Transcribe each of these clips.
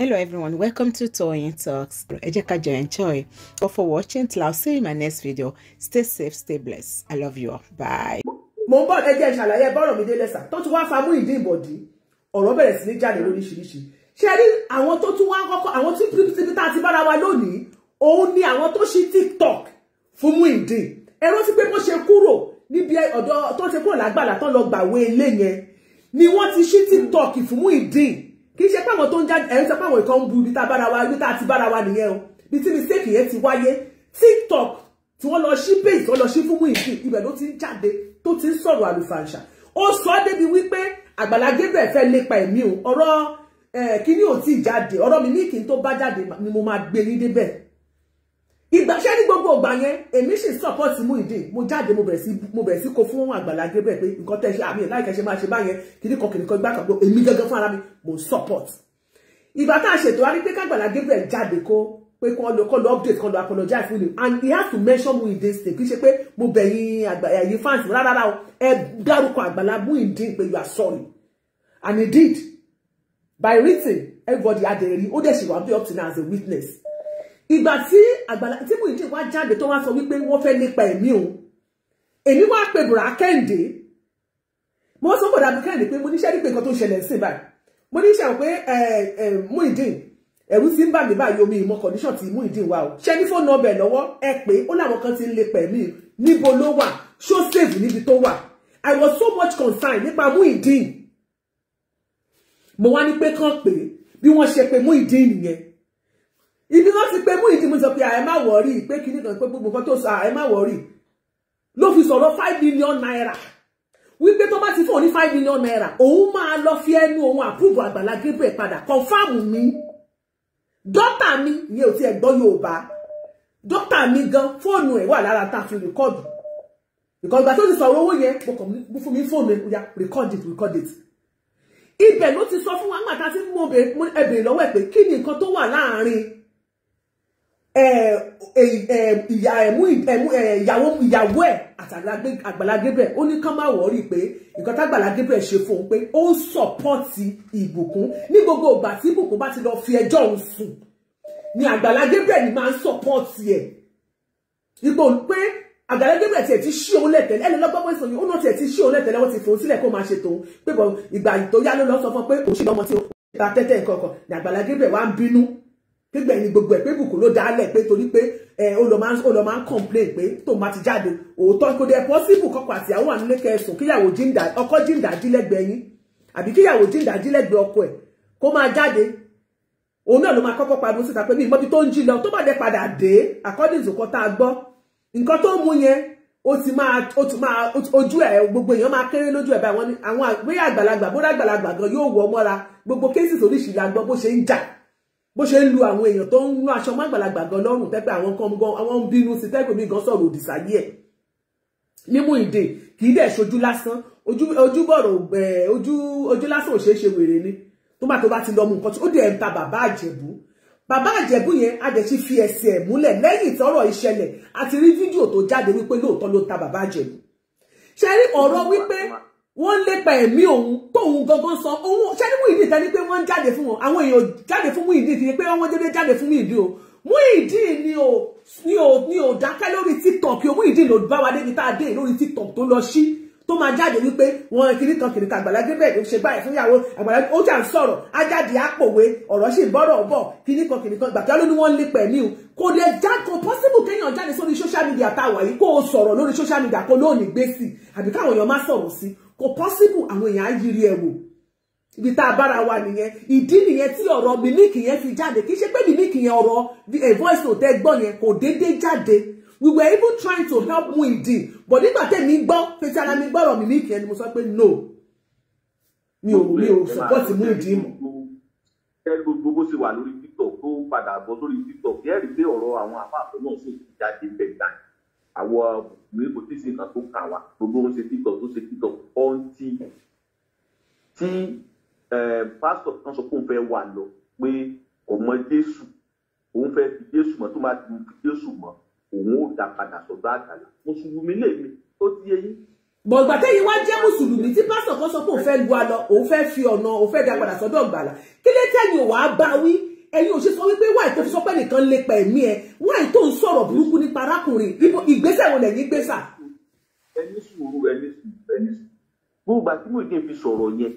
Hello everyone, welcome to Toyeen Talks. Ẹ jẹ́ ká enjoy. But for watching till I'll see you in my next video. Stay safe, stay blessed. I love you all. Bye. Mo ń bọ̀ ẹ jẹ́ mi dé lẹ́sà tó tún wá fa mú ìdí ìbọ̀dí. Ọ̀rọ̀ bẹ̀rẹ̀ sí ní jáde lóríṣiríṣi. Ṣé rí àwọn tó tún wá kọ́kọ́ àwọn tí pírípítì ti bára wa lónìí? Òun ni àwọn tó ṣí TikTok fún mú ìdí. Ẹ̀rọ ti pé bó ṣe kúrò níbi ọ̀dọ́ tó ti kúrò lágbàlá tán lọ gbàwé ilé yẹn. Ni wọ́n ti ṣí TikTok fún mú ìdí kì í ṣe pé àwọn tó ń jáde ẹ̀ ń sọ pé àwọn ìkan ń bu ibi tá a bára wa ibi tá a ti bára wa nìyẹn o ibi tí mistake yẹn ti wáyé tiktok tí wọ́n lọ sí page tó lọ sí fún Muyideen ibẹ̀ ló ti ń jáde tó ti ń sọ̀rọ̀ àlùfàǹṣà ó sọ ọ́ débi wípé Àgbàlá Gabriel fẹ́ lépa ẹ̀mí o ọ̀rọ̀ kíní ò tí jáde ọ̀rọ̀ mi ní kí n tó bá jáde ni mo máa gbé ní débẹ̀ ìgbàṣẹ́ ní gbogbo ìgbà yẹn èmi sì support Muyideen mo jáde mo bẹ̀rẹ̀ sí mo bẹ̀rẹ̀ sí kó fún Àgbàlá Gabriel pé nǹkan tẹ́ ṣe àmì láìka ṣe máa ṣe báyẹn kìnnìkan kìnnìkan gbà kan pé èmi gangan fún ara mi mo support ìgbà tá a ṣètò wa rí pé k'Àgbàlá Gabriel jáde kó pé kọ́ lọ kọ́ lọ update kọ́ lọ apologize fún mi and he has to mention Muyideen stay kì í ṣe pé mo bẹ̀yìn àgbàyà yìí fans rárá o ẹ dárúkọ Àgbàlá Muyideen pé you are sorry and he did by written everybody adẹ̀rí ó dẹ̀ ṣe wà bí up to now as a witness ìgbà tí àgbàlá tí Muyideen wá jáde tó wá sọ wípé wọ́n fẹ́ nípa ẹ̀mí òun èmi wá pe bùrà kẹ́hìndé mo sọ bùrà kẹ́hìndé pé mo níṣẹ́ nípa nǹkan tó ń ṣẹlẹ̀ sí báyìí mo níṣẹ́ pé Muyideen ẹ̀rú ti ń bà mí báyìí omi ìmọ̀ condition ti Muyideen wà o ṣé ní fóònù ọbẹ̀ lọ́wọ́ ẹ pé ó láwọn kan ti ń lè pẹ̀mí níbo ló wà ṣó save níbi tó wà I was so much concerned nípa Muyideen mo wá ní pé kàn pé bí wọ́n ṣe pé Muyideen nìyẹn ìdí náà ti pé mú ìdí mo sọ pé àyè má wọ̀ọ́rì pé kinní kan pé gbogbo nǹkan tó sọ àyè má wọ̀ọ́rì ló fi sọ̀rọ̀ five million naira wípé tó bá ti fún òun ní five million naira òun máa lọ fi ẹnu òun àpúbọ̀ Àgbàlá Gabriel padà kọ̀ǹfàmù mi dọ́tà mi ìyẹn ò tiẹ̀ gbọ́ Yorùbá dọ́tà mi gan fóònù ẹ̀ wà lára tá a fi rìkọ́ọ̀dù because ìgbà tó ti sọ̀rọ̀ owó yẹn mo kàn mú fún mi fóònù ẹ̀ ya record it record it ibẹ̀ ló ti sọ fún wa nígbà tá a ti mú ẹbẹ̀rẹ̀ lọ́wọ́ ẹ̀ pé kí ni nǹkan tó wà láàárín Eh, eh, eh, ìyàwó ìyàwó ẹ̀ àti Àgbàlá Gabriel ó ní kán má wọ́ọ̀rì pé nǹkan tágbàlá Gabriel ṣe fún un pé ó ń sọ̀pọ́ọ̀tì ìbùkún ní gbogbo ìgbà tí ìbùkún bá ti lọ fi ẹjọ́ òun sùn ni Àgbàlá Gabriel ni máa ń sọ̀pọ́ọ̀tì ẹ̀ ipò pé Àgbàlá Gabriel tiẹ̀ ti ṣí òun lẹ̀tẹ̀lẹ́ ẹni lọ́gbọ́n bó ìsòyìn ó náà tiẹ̀ ti ṣí òun lẹ̀tẹ̀lẹ́ wọ́n ti fòun sílẹ̀ kó máa ṣe tòun pé ìgbà tó yá ló lọ sọ fún pé òṣìlọ́mọ tí ó ta tẹ́tẹ́ nǹkan kan ni Àgbàlá Gabriel wá ń bínú pé gbẹ̀yìn gbogbo ẹ̀ pé bùkún ló dálẹ̀ pé torí pé ó lọ máa ń complain pé tóun bá ti jáde òótọ́ kò dẹ̀ possible kọ́kọ́ àtìyàwó wà nílé kẹsùn kíyàwó ọkọ jíǹdàjí lẹ́gbẹ̀ẹ́ yín àbí kíyàwó jíǹdàjí lẹ́gbẹ̀ẹ́ ọkọ ẹ̀ kó máa jáde òun náà ló máa kọ́kọ́ pariwo síta pé mi ìmọ̀bi tó ń jí lọ tó bá dẹ̀ padà dé according to nǹkan tá a gbọ́ nǹkan tó mú yẹn ó ti máa ó ti máa ojú ẹ gbogbo èèyàn máa kéré lójú ẹ báyìí àwọn àgbéyà àgbàlagbà bó dàgbàlagbà gan yóò wọ mọ́ra gbogbo cases oríṣiríṣi la gbọ́ bó ṣe ń jà bó ṣe ń lu àwọn èèyàn tó ń lu aṣọ mágbàlagbà gan lọ́rùn tẹ́pẹ́ àwọn kan gan àwọn ń bínú sí tẹ́pẹ́ mi gan sọ̀rọ̀ òdì sáyé ẹ̀ nímú ìdè kì í dẹ̀ ṣojú lásán ojú bọ̀rọ̀ ojú ojú lásán ò ṣeé ṣe wèrè ni tó bá tó bá ti lọ mú nǹkan tó dẹ̀ ń ta bàbá àjẹ̀bú bàbá àjẹ̀bú yẹn a dẹ̀ ti fi ẹsẹ̀ ẹ̀ múlẹ̀ lẹ́yìn tọ́rọ̀ ìṣẹ̀lẹ̀ àti rí fídíò tó jáde wọ́n ń lépa ẹ̀mí òun tóun gangan sọ òun ṣé ní Muyideen ìtẹ́ni pé wọ́n ń jáde fún wọn àwọn èèyàn jáde fún Muyideen ìdí pé wọ́n dédé jáde fún Muyideen o Muyideen ni ò ni ò ni ò dákẹ́ lórí TikTok o Muyideen ló bá wa débi tá a dé lórí TikTok tó lọ sí tó máa jáde wípé wọn kiri kan kiri kan Àgbàlá Gabriel ló ṣe báyìí fúnyàwó Àgbàlá ó jà ń sọ̀rọ̀ ajáde àpòwé ọ̀rọ̀ sì bọ́rọ̀ bọ̀ kiri kan kiri kan gbàtà ló ní wọ́n lè pẹ̀ mí o kò lè já kò pọ́sibù kéèyàn jáde sórí social media táwa yìí kó o sọ̀rọ̀ lórí social media kó lóòní gbé sí àbí káwọn èèyàn má sọ̀rọ̀ sí kò possible àwọn èèyàn á yiri ẹ̀ wò ibi tá a bára wa nìyẹn ìdí nìyẹn tí ọ̀rọ̀ mílíkì yẹn fi jáde kì í ṣe pé mílíkì yẹn ọ̀rọ̀ the eh, voice no ẹ gbọ́ yẹn kò déédéé jáde we were even trying to help Muideen but nígbà tẹ̀mí gbọ́ fetí ara mi gbọ́rọ̀ mílíkì yẹn ni mo sọ pé no mi ò mi ò support Muideen mọ́. ẹ gbogbo bó ṣe wà TikTok tó padà bọ́ sórí TikTok yẹ́rìí pé ọ̀rọ̀ àwọn àpapọ̀ náà sì jáde bẹ́ẹ̀ dáa àwọn mìíràn tí sì kan tó kà wá gbogbo ń ṣe títọ̀ tó ṣe títọ̀ ọ̀ǹtì tí pásítọ̀ kan sọ pé òun fẹ́ wà lọ pé kò mọ Jésù òun fẹ́ fi Jésù mọ́ tó máa fi Jésù mọ́ òun ò dá padà sọ̀dọ̀ àgbàlá mùsùlùmí lèmi ó ti yé yín. bọ̀gbà tẹ́yìn wá jẹ́ mùsùlùmí tí pásítọ̀ kan sọ pé òun fẹ́ lu àlọ́ òun fẹ́ fi ọ̀nà òun fẹ́ dá padà sọ̀dọ̀ àgbàlá kí ẹ̀yin ò ṣe sọ wípé wáì tó fi sọ pé nìkan lépa ẹ̀mí ẹ wáì tó ń sọ̀rọ̀ burúkú nípa arákùnrin ìgbésẹ̀ wo lẹ̀yin gbé sà. ẹni sùúrù ẹni sùúrù ẹni sùúrù gbogbo àti Muyideen fi sọ̀rọ̀ yẹn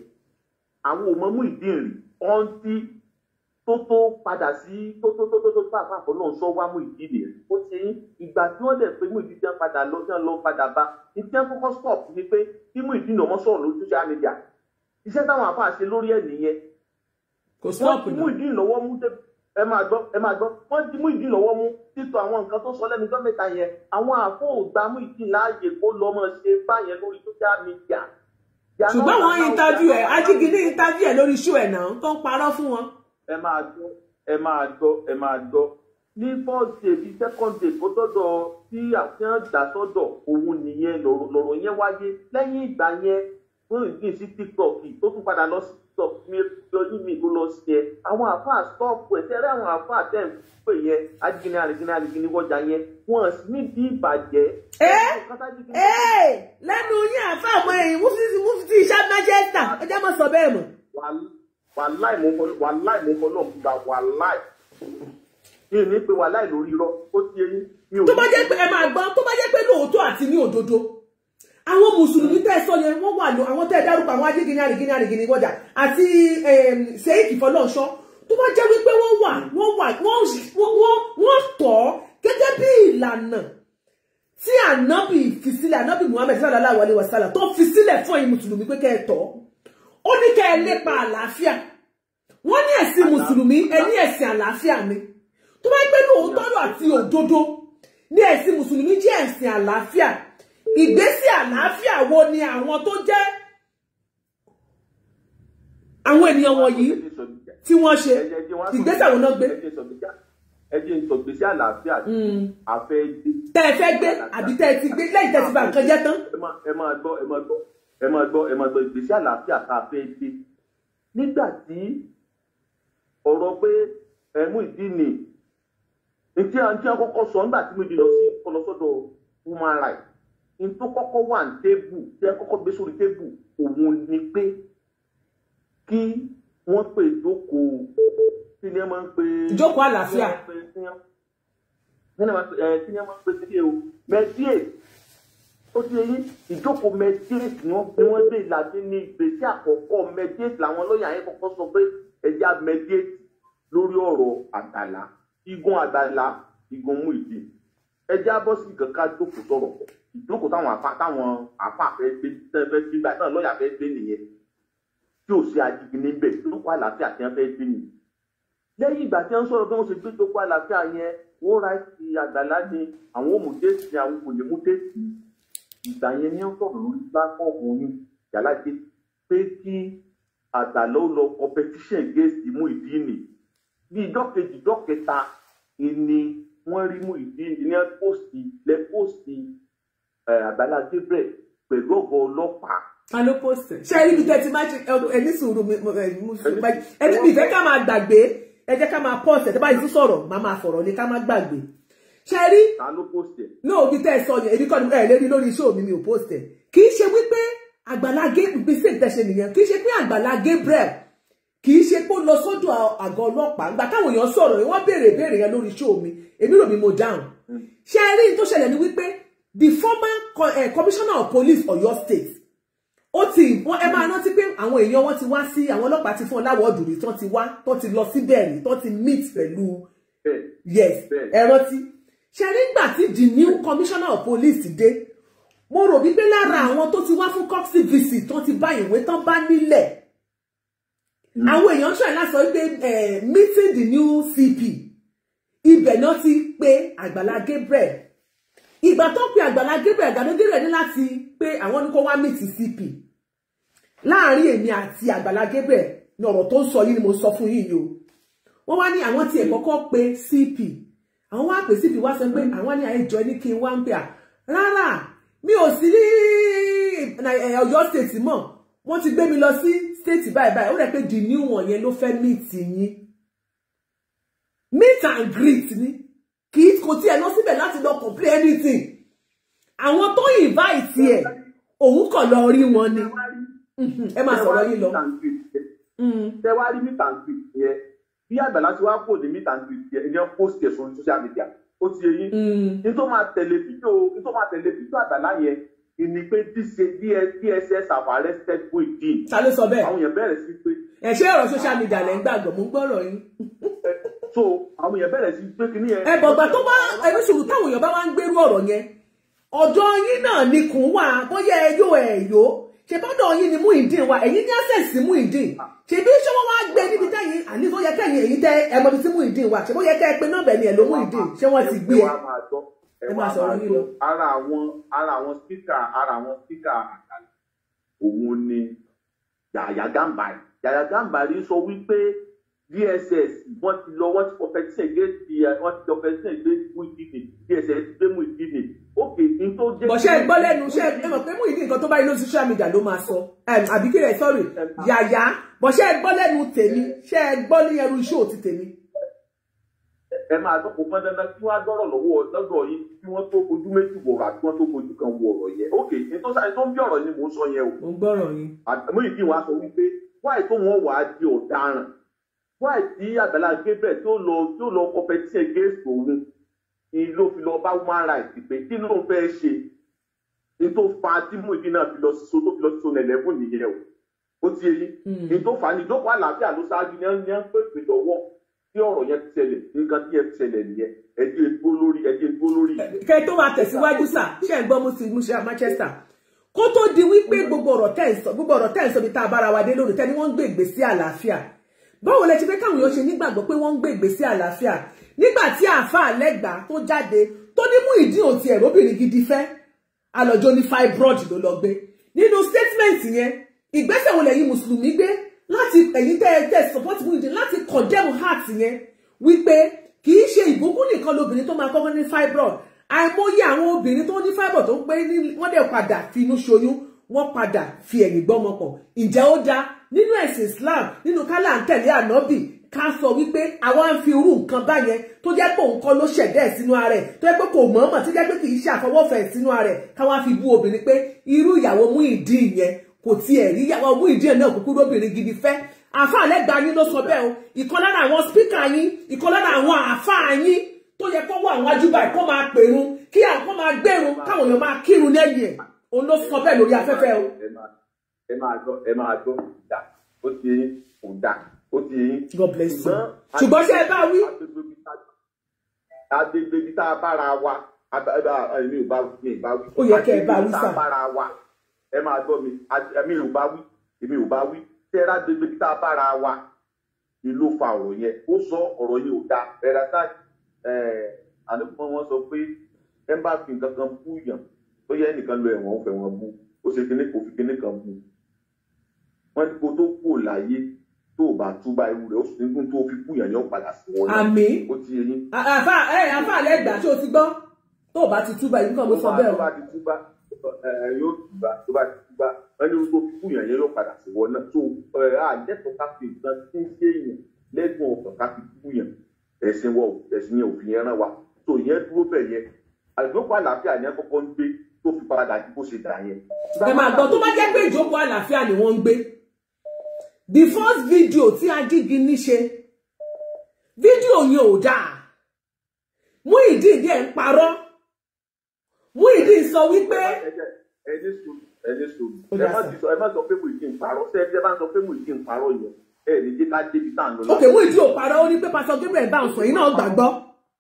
àwọn ò mọ Muyideen rìn ọ̀ǹtí tó tó padà sí tó tó tó tó tó pàápàá àpò náà sọ wá Muyideen rìn ó ti ń ìgbà tí wọ́n dẹ̀ pé Muyideen padà lọ sí lọ padà bá ní tí wọ́n kọ́kọ́ stop ni pé kí Muyideen ọmọ sọ̀rọ̀ lójú social media iṣẹ́ táwọn àfáà ṣe lórí ẹ̀ nìyẹn kò stop náà. wọ́n ti mú ìdí ìlọ́wọ́ mú dé ẹ máa gbọ́ ẹ máa gbọ́ wọ́n ti mú ìdí ìlọ́wọ́ mú títọ àwọn nǹkan tó sọ lẹ́nu gọ́mẹ̀ta yẹn àwọn àfọ̀gbà mú ìdí láàyè kó lọ́mọ ṣe báyẹn lórí social media. ṣùgbọ́n wọ́n interview ẹ̀ ajígidé interview ẹ̀ lórí show ẹ̀ náà tó ń parọ́ fún wọn. ẹ máa gbọ́ ẹ máa gbọ́ ẹ máa gbọ́ ní first day bíi second day kó dọ́dọ̀ tí àfihàn dà sọ́dọ̀ òun nìyẹn lọ̀rọ̀ yẹn wáyé lẹ́yìn ìgbà yẹn fún ìgbín sí tiktok tó tún padà lọ sí stop mi yọjú mi kó lọ sí ẹ àwọn àfáà stọọpù ẹ tẹrẹ àwọn àfáà tẹ ń pè yẹn ajínigbé alìgbìnrin alìgbìnrin wọjà yẹn wọn sì níbi ìbàjẹ́. ẹ ẹ lẹ́nu yín àfáà mọ èyí mufti iṣẹ́ májẹ́ta ẹ jẹ́ mọ́ sọ bẹ́ẹ̀ mọ́. wàláì mo ń kọ́ náà gba wàláì mi ní pé wàláì lórí irọ́ ó ti yẹ yín. tó bá jẹ́ pé ẹ máa gbọ́ tó bá jẹ́ pé lóòótọ́ àti ní òdodo àwọn mùsùlùmí tẹ́ sọ yẹn wọ́n wà lọ àwọn tẹ́ dárúkọ àwọn adégínní àrègínní àrègínní wọ́jà àti sèyíkì fọlọ́ọ̀ṣọ́ tó bá jẹ́ wípé wọ́n wà wọ́n wà wọ́n tọ̀ gẹ́gẹ́ bí ìlànà tí ànábì fi sílẹ̀ ànábì Muhammad sallallahu alaihi wasallam tó fi sílẹ̀ fún ẹ̀yin mùsùlùmí pé kẹ́ ẹ tọ̀ ó ní kẹ́ ẹ lépa àlàáfíà wọ́n ní ẹ̀sìn mùsùlùmí ẹ ní ẹ̀sìn àlàáfíà ni tó bá gbé lóòótọ́ àti òdodo ní ẹ̀sìn mùsùlùmí jẹ́ ẹ̀sìn àlàáfíà ìgbésí àlàáfíà wo ni àwọn tó jẹ́ àwọn ènìyàn wọ̀nyí tí wọ́n ṣe ìgbésẹ̀ àwọn náà gbé. ẹ jẹ́ n sọ ìgbésí àlàáfíà àfẹ́ hmm. gbé. tẹ́ ẹ fẹ́ gbé àbí tẹ́ ẹ ti gbé lẹ́yìn tẹ́ ẹ ti bà nǹkan jẹ́ tán. ẹ máa gbọ́ ẹ máa gbọ́ ẹ máa gbọ́ ẹ máa gbọ́ ìgbésí àlàáfíà tá a fẹ́ gbé. nígbà tí ọ̀rọ̀ pé ẹ̀mú ìdí nì ntí à ń tí a kọ́kọ́ sọ nígbà tí mo jìnnà sí ọlọ́sọ́dọ̀ human rights n tó kọ́kọ́ wà ní tébù tẹ́ kọ́kọ́ gbé sórí tébù òun ni pé kí wọ́n pè jókòó kí ni ẹ máa ń pè. jókòó àlàáfíà. kí ni ẹ máa pe, pè sí eh, o mẹdíèt ó ti yẹ ìjókòó mẹdíèt ni wọ́n lè láti ní ìgbésí àkọ́kọ́ mẹdíèt làwọn lọ́ọ̀yà yẹn kọ́kọ́ sọ pé ẹ̀já mẹdíèt lórí ọ̀rọ̀ àgbàlá igun àgbàlá igun mú ìdí ẹ̀já bọ́sì kankan jókòó sọ̀rọ̀ pọ̀ ìjókòó táwọn àfa táwọn àfa fẹ́ gbé tẹ́ fẹ́ gbé gbà táwọn lọ́ọ̀yà fẹ́ gbé nìyẹn tí ò sí ajínigbé níbẹ̀ ìjókòó àlàáfíà tí wọ́n fẹ́ gbé nìyẹn lẹ́yìn ìgbà tí wọ́n sọ̀rọ̀ bí wọ́n ṣe gbé ìjókòó àlàáfíà yẹn wọ́n ra ti àgbàlá ni àwọn òmùdéèsì àwọn kò lè mú déèsì ìgbà yẹn ni wọ́n sọ̀rọ̀ lórí pláfọ́ọ̀mù yín yàrá ti pé kí àgbàlá ó lọ competition against mú ìdí nì bí ìjọ kejì ìjọ kẹta ni wọ́n rí mú ìdí nì ní ẹ́ pòsì lẹ́ pòsì àgbàlá jibre pẹ̀lúgbò ọlọ́pàá. ta ló pòsè ṣé ẹ níbi tẹ́tí má ẹni sùúrù ẹni bí ìfẹ́ ká máa gbàgbé ẹ jẹ́ ká máa pọ́ọ̀sì ẹ̀ tẹ́ bá yìí sọ̀rọ̀ má máa fọ̀rọ̀ ni ká má gbàgbé ṣe rí ta ló pòsè. náà bí tẹ́ ẹ sọ yẹn èmi kọ́ ni ẹ lérí lórí iṣẹ́ mi mi ò pòsè kì í ṣe wípé àgbàlá Gabriel kì í ṣe pé ó lọ sọ́dọ̀ àgọ́ ọlọ́pàá nígbà táwọn èèyàn sọ̀rọ̀ wọ́n béèrè ìbéèrè yẹn lórí iṣẹ́ mi èmi rò mí mo dáhùn hmm. ṣe rí tó ṣẹlẹ̀ ni wípé the former co uh, commissioner of police for your state ó ti wọn ẹ máa rántí pé àwọn èèyàn wọn ti wá sí àwọn ọlọ́pàá ti fún ọláwọọdù rí tán ti wá tán ti lọ síbẹ̀ rí tán ti meet pẹ̀lú yes ẹ rántí ṣe nígbà tí the new commissioner of police dé mo rò wípé lára àwọn tó ti wá fún coxy visit tán ti bá ìwé tán bá nílẹ̀ hmm. àwọn èèyàn ṣàì láti sọ wípé eh, meeting the new CP ibẹ̀ náà ti pé Àgbàlá Gabriel ìgbà tó pe Àgbàlá Gabriel Gani Gabriel ní láti pé àwọn ní kó wá meet CP láàrin èmi àti Àgbàlá Gabriel ní ọ̀rọ̀ tó ń sọ yìí ni mo sọ fún yìí yìí o wọ́n wá ní àwọn tiẹ̀ kọ́kọ́ pe CP àwọn wá pè CP wá sọ pé àwọn ní àìjọ ní kí n wá ń pè à rárá mi ò sí ní eh, Ọ̀yọ́ state mọ́ wọ́n ti gbé mi lọ sí state báyìí báyìí ó rẹ̀ pé the new one yẹn ló fẹ́ meet yín meet and greet ni kì í kò tiẹ̀ lọ síbẹ̀ láti lọ complain anything àwọn tó invite ẹ̀ òun kàn lọ rí wọn ni ẹ máa sọ̀rọ̀ yìí lọ. ṣé wàá rí meet and greet yẹn bí àgbàlá ti wá kó ní meet and greet yẹn ìyẹn post ẹ̀ sórí social media ó ti yẹ yín mm. nítorí máa tẹ̀lé fídíò nítorí máa tẹ̀lé fídíò àgbàlá yẹn ìní pé DSS have arrested Muyideen. ta ló sọ bẹ́ẹ̀ àwọn yẹn bẹ̀rẹ̀ sí pé. ẹ ṣe ọ̀rọ̀ social media lẹ ń gbàgbọ́ mo ń gbọ́ ọ̀rọ̀ yín so àwọn èèyàn bẹ̀rẹ̀ sí pé kíní yẹn. ẹ bọ̀gbà tó bá ẹni sùúrù táwọn èèyàn bá wá ń gbérú ọ̀rọ̀ yẹn ọ̀dọ̀ yín náà nikùn wà bóyá ẹyọ ẹ̀yọ́ ṣe bọ́dọ̀ yín ni Muyideen wa ẹ̀yin ní access Muyideen ṣe bí ṣé wọ́n wá gbé níbi tẹ́yìn àní tó yẹ kẹ́yìn èyí tẹ́ ẹ mọ̀ bí sí wa ṣe bó yẹ kẹ́ ẹ pé nọ́ọ̀bẹ̀ ni ẹ̀ ló Muyideen ṣé wọ́n ti gbé ẹ. ẹ ni Yahaya Gambarì sọ wípé dss wọ́n ti lọ wọ́n ti competition against the wọ́n ti competition against muidini dss gbé muidini ok n tó jẹ́. bọ̀ṣẹ́ gbọ́ lẹ́nu ṣe é mọ̀ pé muidini nǹkan tó bá yín lórí social media ló máa sọ àbíkẹ́ sorry yàyà bọ̀ṣẹ́ gbọ́ lẹ́nu tèmi ṣe é gbọ́ ní ẹrú iṣẹ́ òtí tèmi ẹ máa gbọ́ kó pọ́n dandan kí wọ́n á gbọ́rọ̀ lọ́wọ́ lọ́dọ̀ yìí kí wọ́n tó ojú méjì wọ̀rọ̀ àti wọ́n tó ojú kan wo ọ̀rọ̀ yẹn ok ní tó sáré tó ń bí ọ̀rọ̀ ni mò ń sọ yẹn o. mo ń gbọ́rọ̀ yìí. àmọ́ ìdí wọn á sọ wípé wáyé tó wọn wà á di ọ̀daràn wáì tí Àgbàlá Gabriel tó lọ tó lọ compete against òun ni ló fi lọ bá human rights pé kí ló ń fẹ́ ṣe ní tó fa tí Muyideen náà fi lọ sí so tó fi lọ sí so nìyẹn o ó ti yé yín hmm. ní tó fa ní ìjókòó àlàáfíà ló ṣáájú ní ẹni pé pé lọ́wọ́ tí ọ̀rọ̀ yẹn ṣẹlẹ̀ nǹkan tí yẹn ṣẹlẹ̀ nìyẹn ẹjẹ́ gbó lórí ẹjẹ́ gbó lórí. kẹ tó máa tẹ̀síwájú sà ṣe ń gbọ́ mo sì mú ṣe Manchester kó tó di wípé gbogbo ọ̀rọ̀ tẹ̀ ń sọ gbogbo ọ̀rọ̀ tẹ̀ ń sọ bí tá a bára wa dé lónìí tẹ́ ni wọ́n ń gbé ìgbésí àlàáfíà báwo lẹ ti fẹ́ káwọn èèyàn ṣe nígbàgbọ́ pé wọ́n ń gbègbè sí àlàáfíà nígbà tí àáfàá lẹ́gbàá tó jáde tó ní mú ìdí òtí ẹ̀rọ́bìnrin gidi fẹ́ alọ́jọ́ ní fibroid ló lọ gbé nínú statement yẹn ìgbésẹ̀ wo lẹ́yìn mùsùlùmí gbé láti ẹ̀yìn tẹ́ tẹ́ support Muyideen láti condemn heart yẹn wípé kì í ṣe ìbùkún nìkan lobìnrin tó máa kọ́kọ́ ní fibroid àìmọye àwọn obìnrin tó ní fibroid tó ń gbé ní wọ́n dẹ̀ padà finú ṣoyún wọ́n padà fi ẹ̀yìn gbọ́mọ pọ̀ ǹjẹ́ ó dáa nínú ẹ̀sìn Islam nínú kálá ń tẹ̀lé ànábì ká sọ wípé àwa ń fi irú nǹkan báyẹn tó jẹ́ pé òun kọ́ ló ṣẹ̀dá ẹ̀ sínú ara ẹ̀ tó jẹ́ pé kò mọ̀ọ́mọ̀ tó jẹ́ pé kì í ṣe àfọwọ́fẹ́ ẹ̀ sínú ara ẹ̀ káwá fi bú obìnrin pé irú ìyàwó mú ìdí ìyẹn kò tiẹ̀ rí ìyàwó mú ìdí ẹ̀ náà kúkú lóbìnrin gidi fẹ́ àáfàá lẹ́gbàá yín ló sọ bẹ́ẹ̀ o ìkan lára àwọn spíkà yín ìkan lára àwọn àáfàá yín tó yẹ kó wà wájú báyìí kó máa pèrun kí àwọn máa gbèrun káwọn èèyàn máa kírun lẹ́yìn ẹ̀ òun ló sọ bẹ́ẹ̀ lórí afẹ́fẹ́ o. ẹ máa gbọ́ ẹ máa gbọ́ dà ó ti yín kò dà ó ti yín. God bless you. ṣùgbọ́n ṣé ẹ bá wí. agbègbè ibi tá a bára wa èmi ò bá mi ì bá wí. ó yẹ kẹ́ ẹ bá wí sà. ẹ máa gbọ́ mi èmi ò bá wí èmi ò bá wí tẹ́ra gbègbè ibi tá a bára wa ìlú fa ọ̀rọ̀ yẹn ó sọ ọ̀rọ̀ yẹn ò dáa ẹ̀rọ sáà ẹ̀ àdúgbò wọn sọ pé ẹ bá fi nǹkan kan fún yàn ó yẹ ẹnìkan lọ ẹ̀wọ̀n ó fẹ́ wọn bú ó ṣe kinní kò fi kinní kan bú wọn ní kó tó kú láyé tó o bá túbà irú rẹ̀ ó sì nígbà tó o fi kú yànjọ padà sí wọn. àmì àfa ẹ àfa àlẹ gbà tí o ti gbọ́ tó o bá ti túbà yìí nǹkan mo sọ bẹ́ẹ̀ o. tó o bá ti túbà yóò túbà tó o bá ti túbà wọn ní kó fi kú yànjọ yóò padà sí wọn náà tó àjẹsọ̀ ká fi nǹkan tí ń ṣe èèyàn lẹ́gbọ̀n ọ̀kan ká fi kú yàn ẹ̀sìn wọ ẹ̀sìn yẹn òfin yẹn rán wa tó yẹn dúró bẹ̀ yẹn àdókò àlàáfíà yẹn kọ́kọ́ ń gbé tó fi padà bó ṣe dà yẹn. ẹ máa gbọ́ tó bá jẹ́ pé ìjókòó àlàáfíà ni wọ́n ń gbé the first video tí Ajíginí ṣe fídíò yẹn ò dáa Muyideen díẹ̀ ń parọ́ Muyideen sọ wípé. ẹni sùn ẹni sùn ẹ má sọ pé Muyideen ń parọ́ ṣe ẹ bá sọ pé Muyideen ń parọ́ yẹn ẹ ní jẹ́ ká débi tá à ń lọ. ok Muyideen ò parọ́ ó ní pé pásọ Gabriel bá ń sọ yìí náà gbàgbọ́.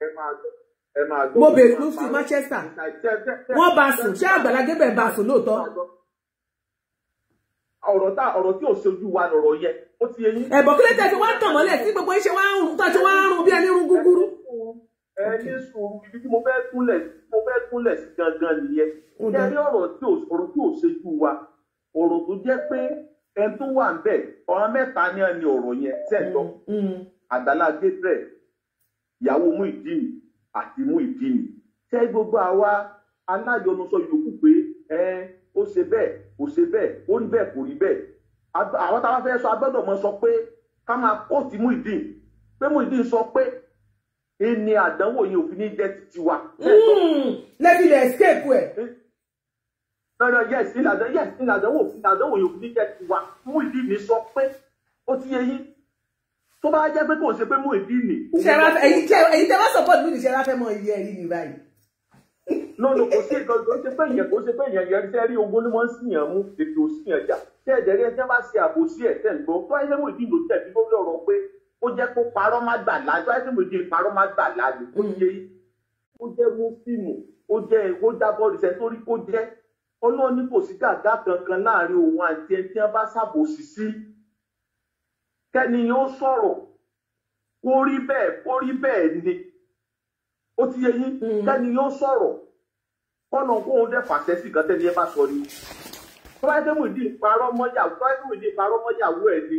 ẹ máa gbọ́ mo bèrè fún sí Manchester wọ́n bá sùn ṣé Àgbàlá Gabriel bá sùn lóòótọ́. ọ̀rọ̀ tá ọ̀rọ̀ tí ò ṣojú wa lọ̀rọ̀ yẹ ó ti yẹn. ẹ̀bọ̀ kílẹ̀ tẹ̀sí wá tàn mọ́lẹ̀ tí gbogbo iṣẹ́ wá ń rún tọ́jú wá ń rún bí ẹni rún gúgúrú. ẹ ní sùúrù ibi tí mo fẹ́ kúnlẹ̀ mo fẹ́ kúnlẹ̀ sí gangan nìyẹn kẹ́rí ọ̀rọ̀ tí ò ọ̀rọ̀ tí ò ṣojú wa ọ̀rọ̀ tó jẹ́ pé ẹni tó wà ń bẹ̀ ọ̀rọ̀ mẹ́ta ni ọ̀rọ̀ yẹn tẹ̀ lọ mm, mm. Àgbàlá Gabriel ìyàwó Muyideen àti Muyideen ṣé gbogbo àwa aláyọnusọ yòókù pé ẹ ó ṣe bẹ́ẹ̀ ó ṣe bẹ́ẹ̀ ó rí bẹ́ẹ̀ kò rí bẹ́ẹ̀ àwọn táwa fẹ́ sọ agbọ́dọ̀ mọ sọ pé ká máa kóòtù Muyideen pé Muyideen sọ pé ìní àdánwò yìí òfin ní jẹ́ títí wa. Hmm, lè escape ẹ̀. lọ́dọ̀ eh, yes ìlànà yes ìlànà òfin ìlànà òfin ní jẹ́ títí wa Muyideen sọ pé ó ti yẹ yín tó bá jẹ́ pé kò ṣe pé mú ìdí nì. èyí tẹ́ bá support mi nìṣẹ́ láfẹ́ mọ iye ẹ̀rí mi báyìí. lọ́nà kò sí ìkan kò ṣe pé èèyàn kò ṣe pé èèyàn yẹn ṣe rí ogún ní wọ́n ń sìyàn mú ètò òsìyàn jà tẹ́ ẹ̀jẹ̀ rí ẹjẹ́ bá ṣe àbòsí ẹ̀ tẹ̀ ń gbọ́ tó ẹ̀jẹ̀ mú ìdí nì tẹ̀ bí lórí ọ̀rọ̀ pé ó jẹ́ kó parọ́ má gbà lájú ẹ̀jẹ̀ mú ìdí parọ́ má gbà lájú ó yẹ ó jẹ́ mú fíìmù ó jẹ́ ó dábọ́ rìṣẹ́ torí ó jẹ́ ọlọ́ọ̀ni kò sí gàgá kankan láàrin òun àti ẹni tí wọ́n bá ṣàbòsí sí kẹ́niyàn ó sọ̀rọ̀ kó rí bẹ́ẹ̀ kó rí bẹ́ẹ̀ ni ó ti yẹ yín kẹ́niyàn mm. ó sọ̀rọ̀ kọ́nà kóhun dẹ́ fàṣẹ sí kan tẹ́niyàn bá sọ ni tọ́lájẹ́mù ìdí ìparọ́ mọ́yàwó tọ́lájẹ́mù ìdí ìparọ́ mọ́yàwó ẹ̀ ni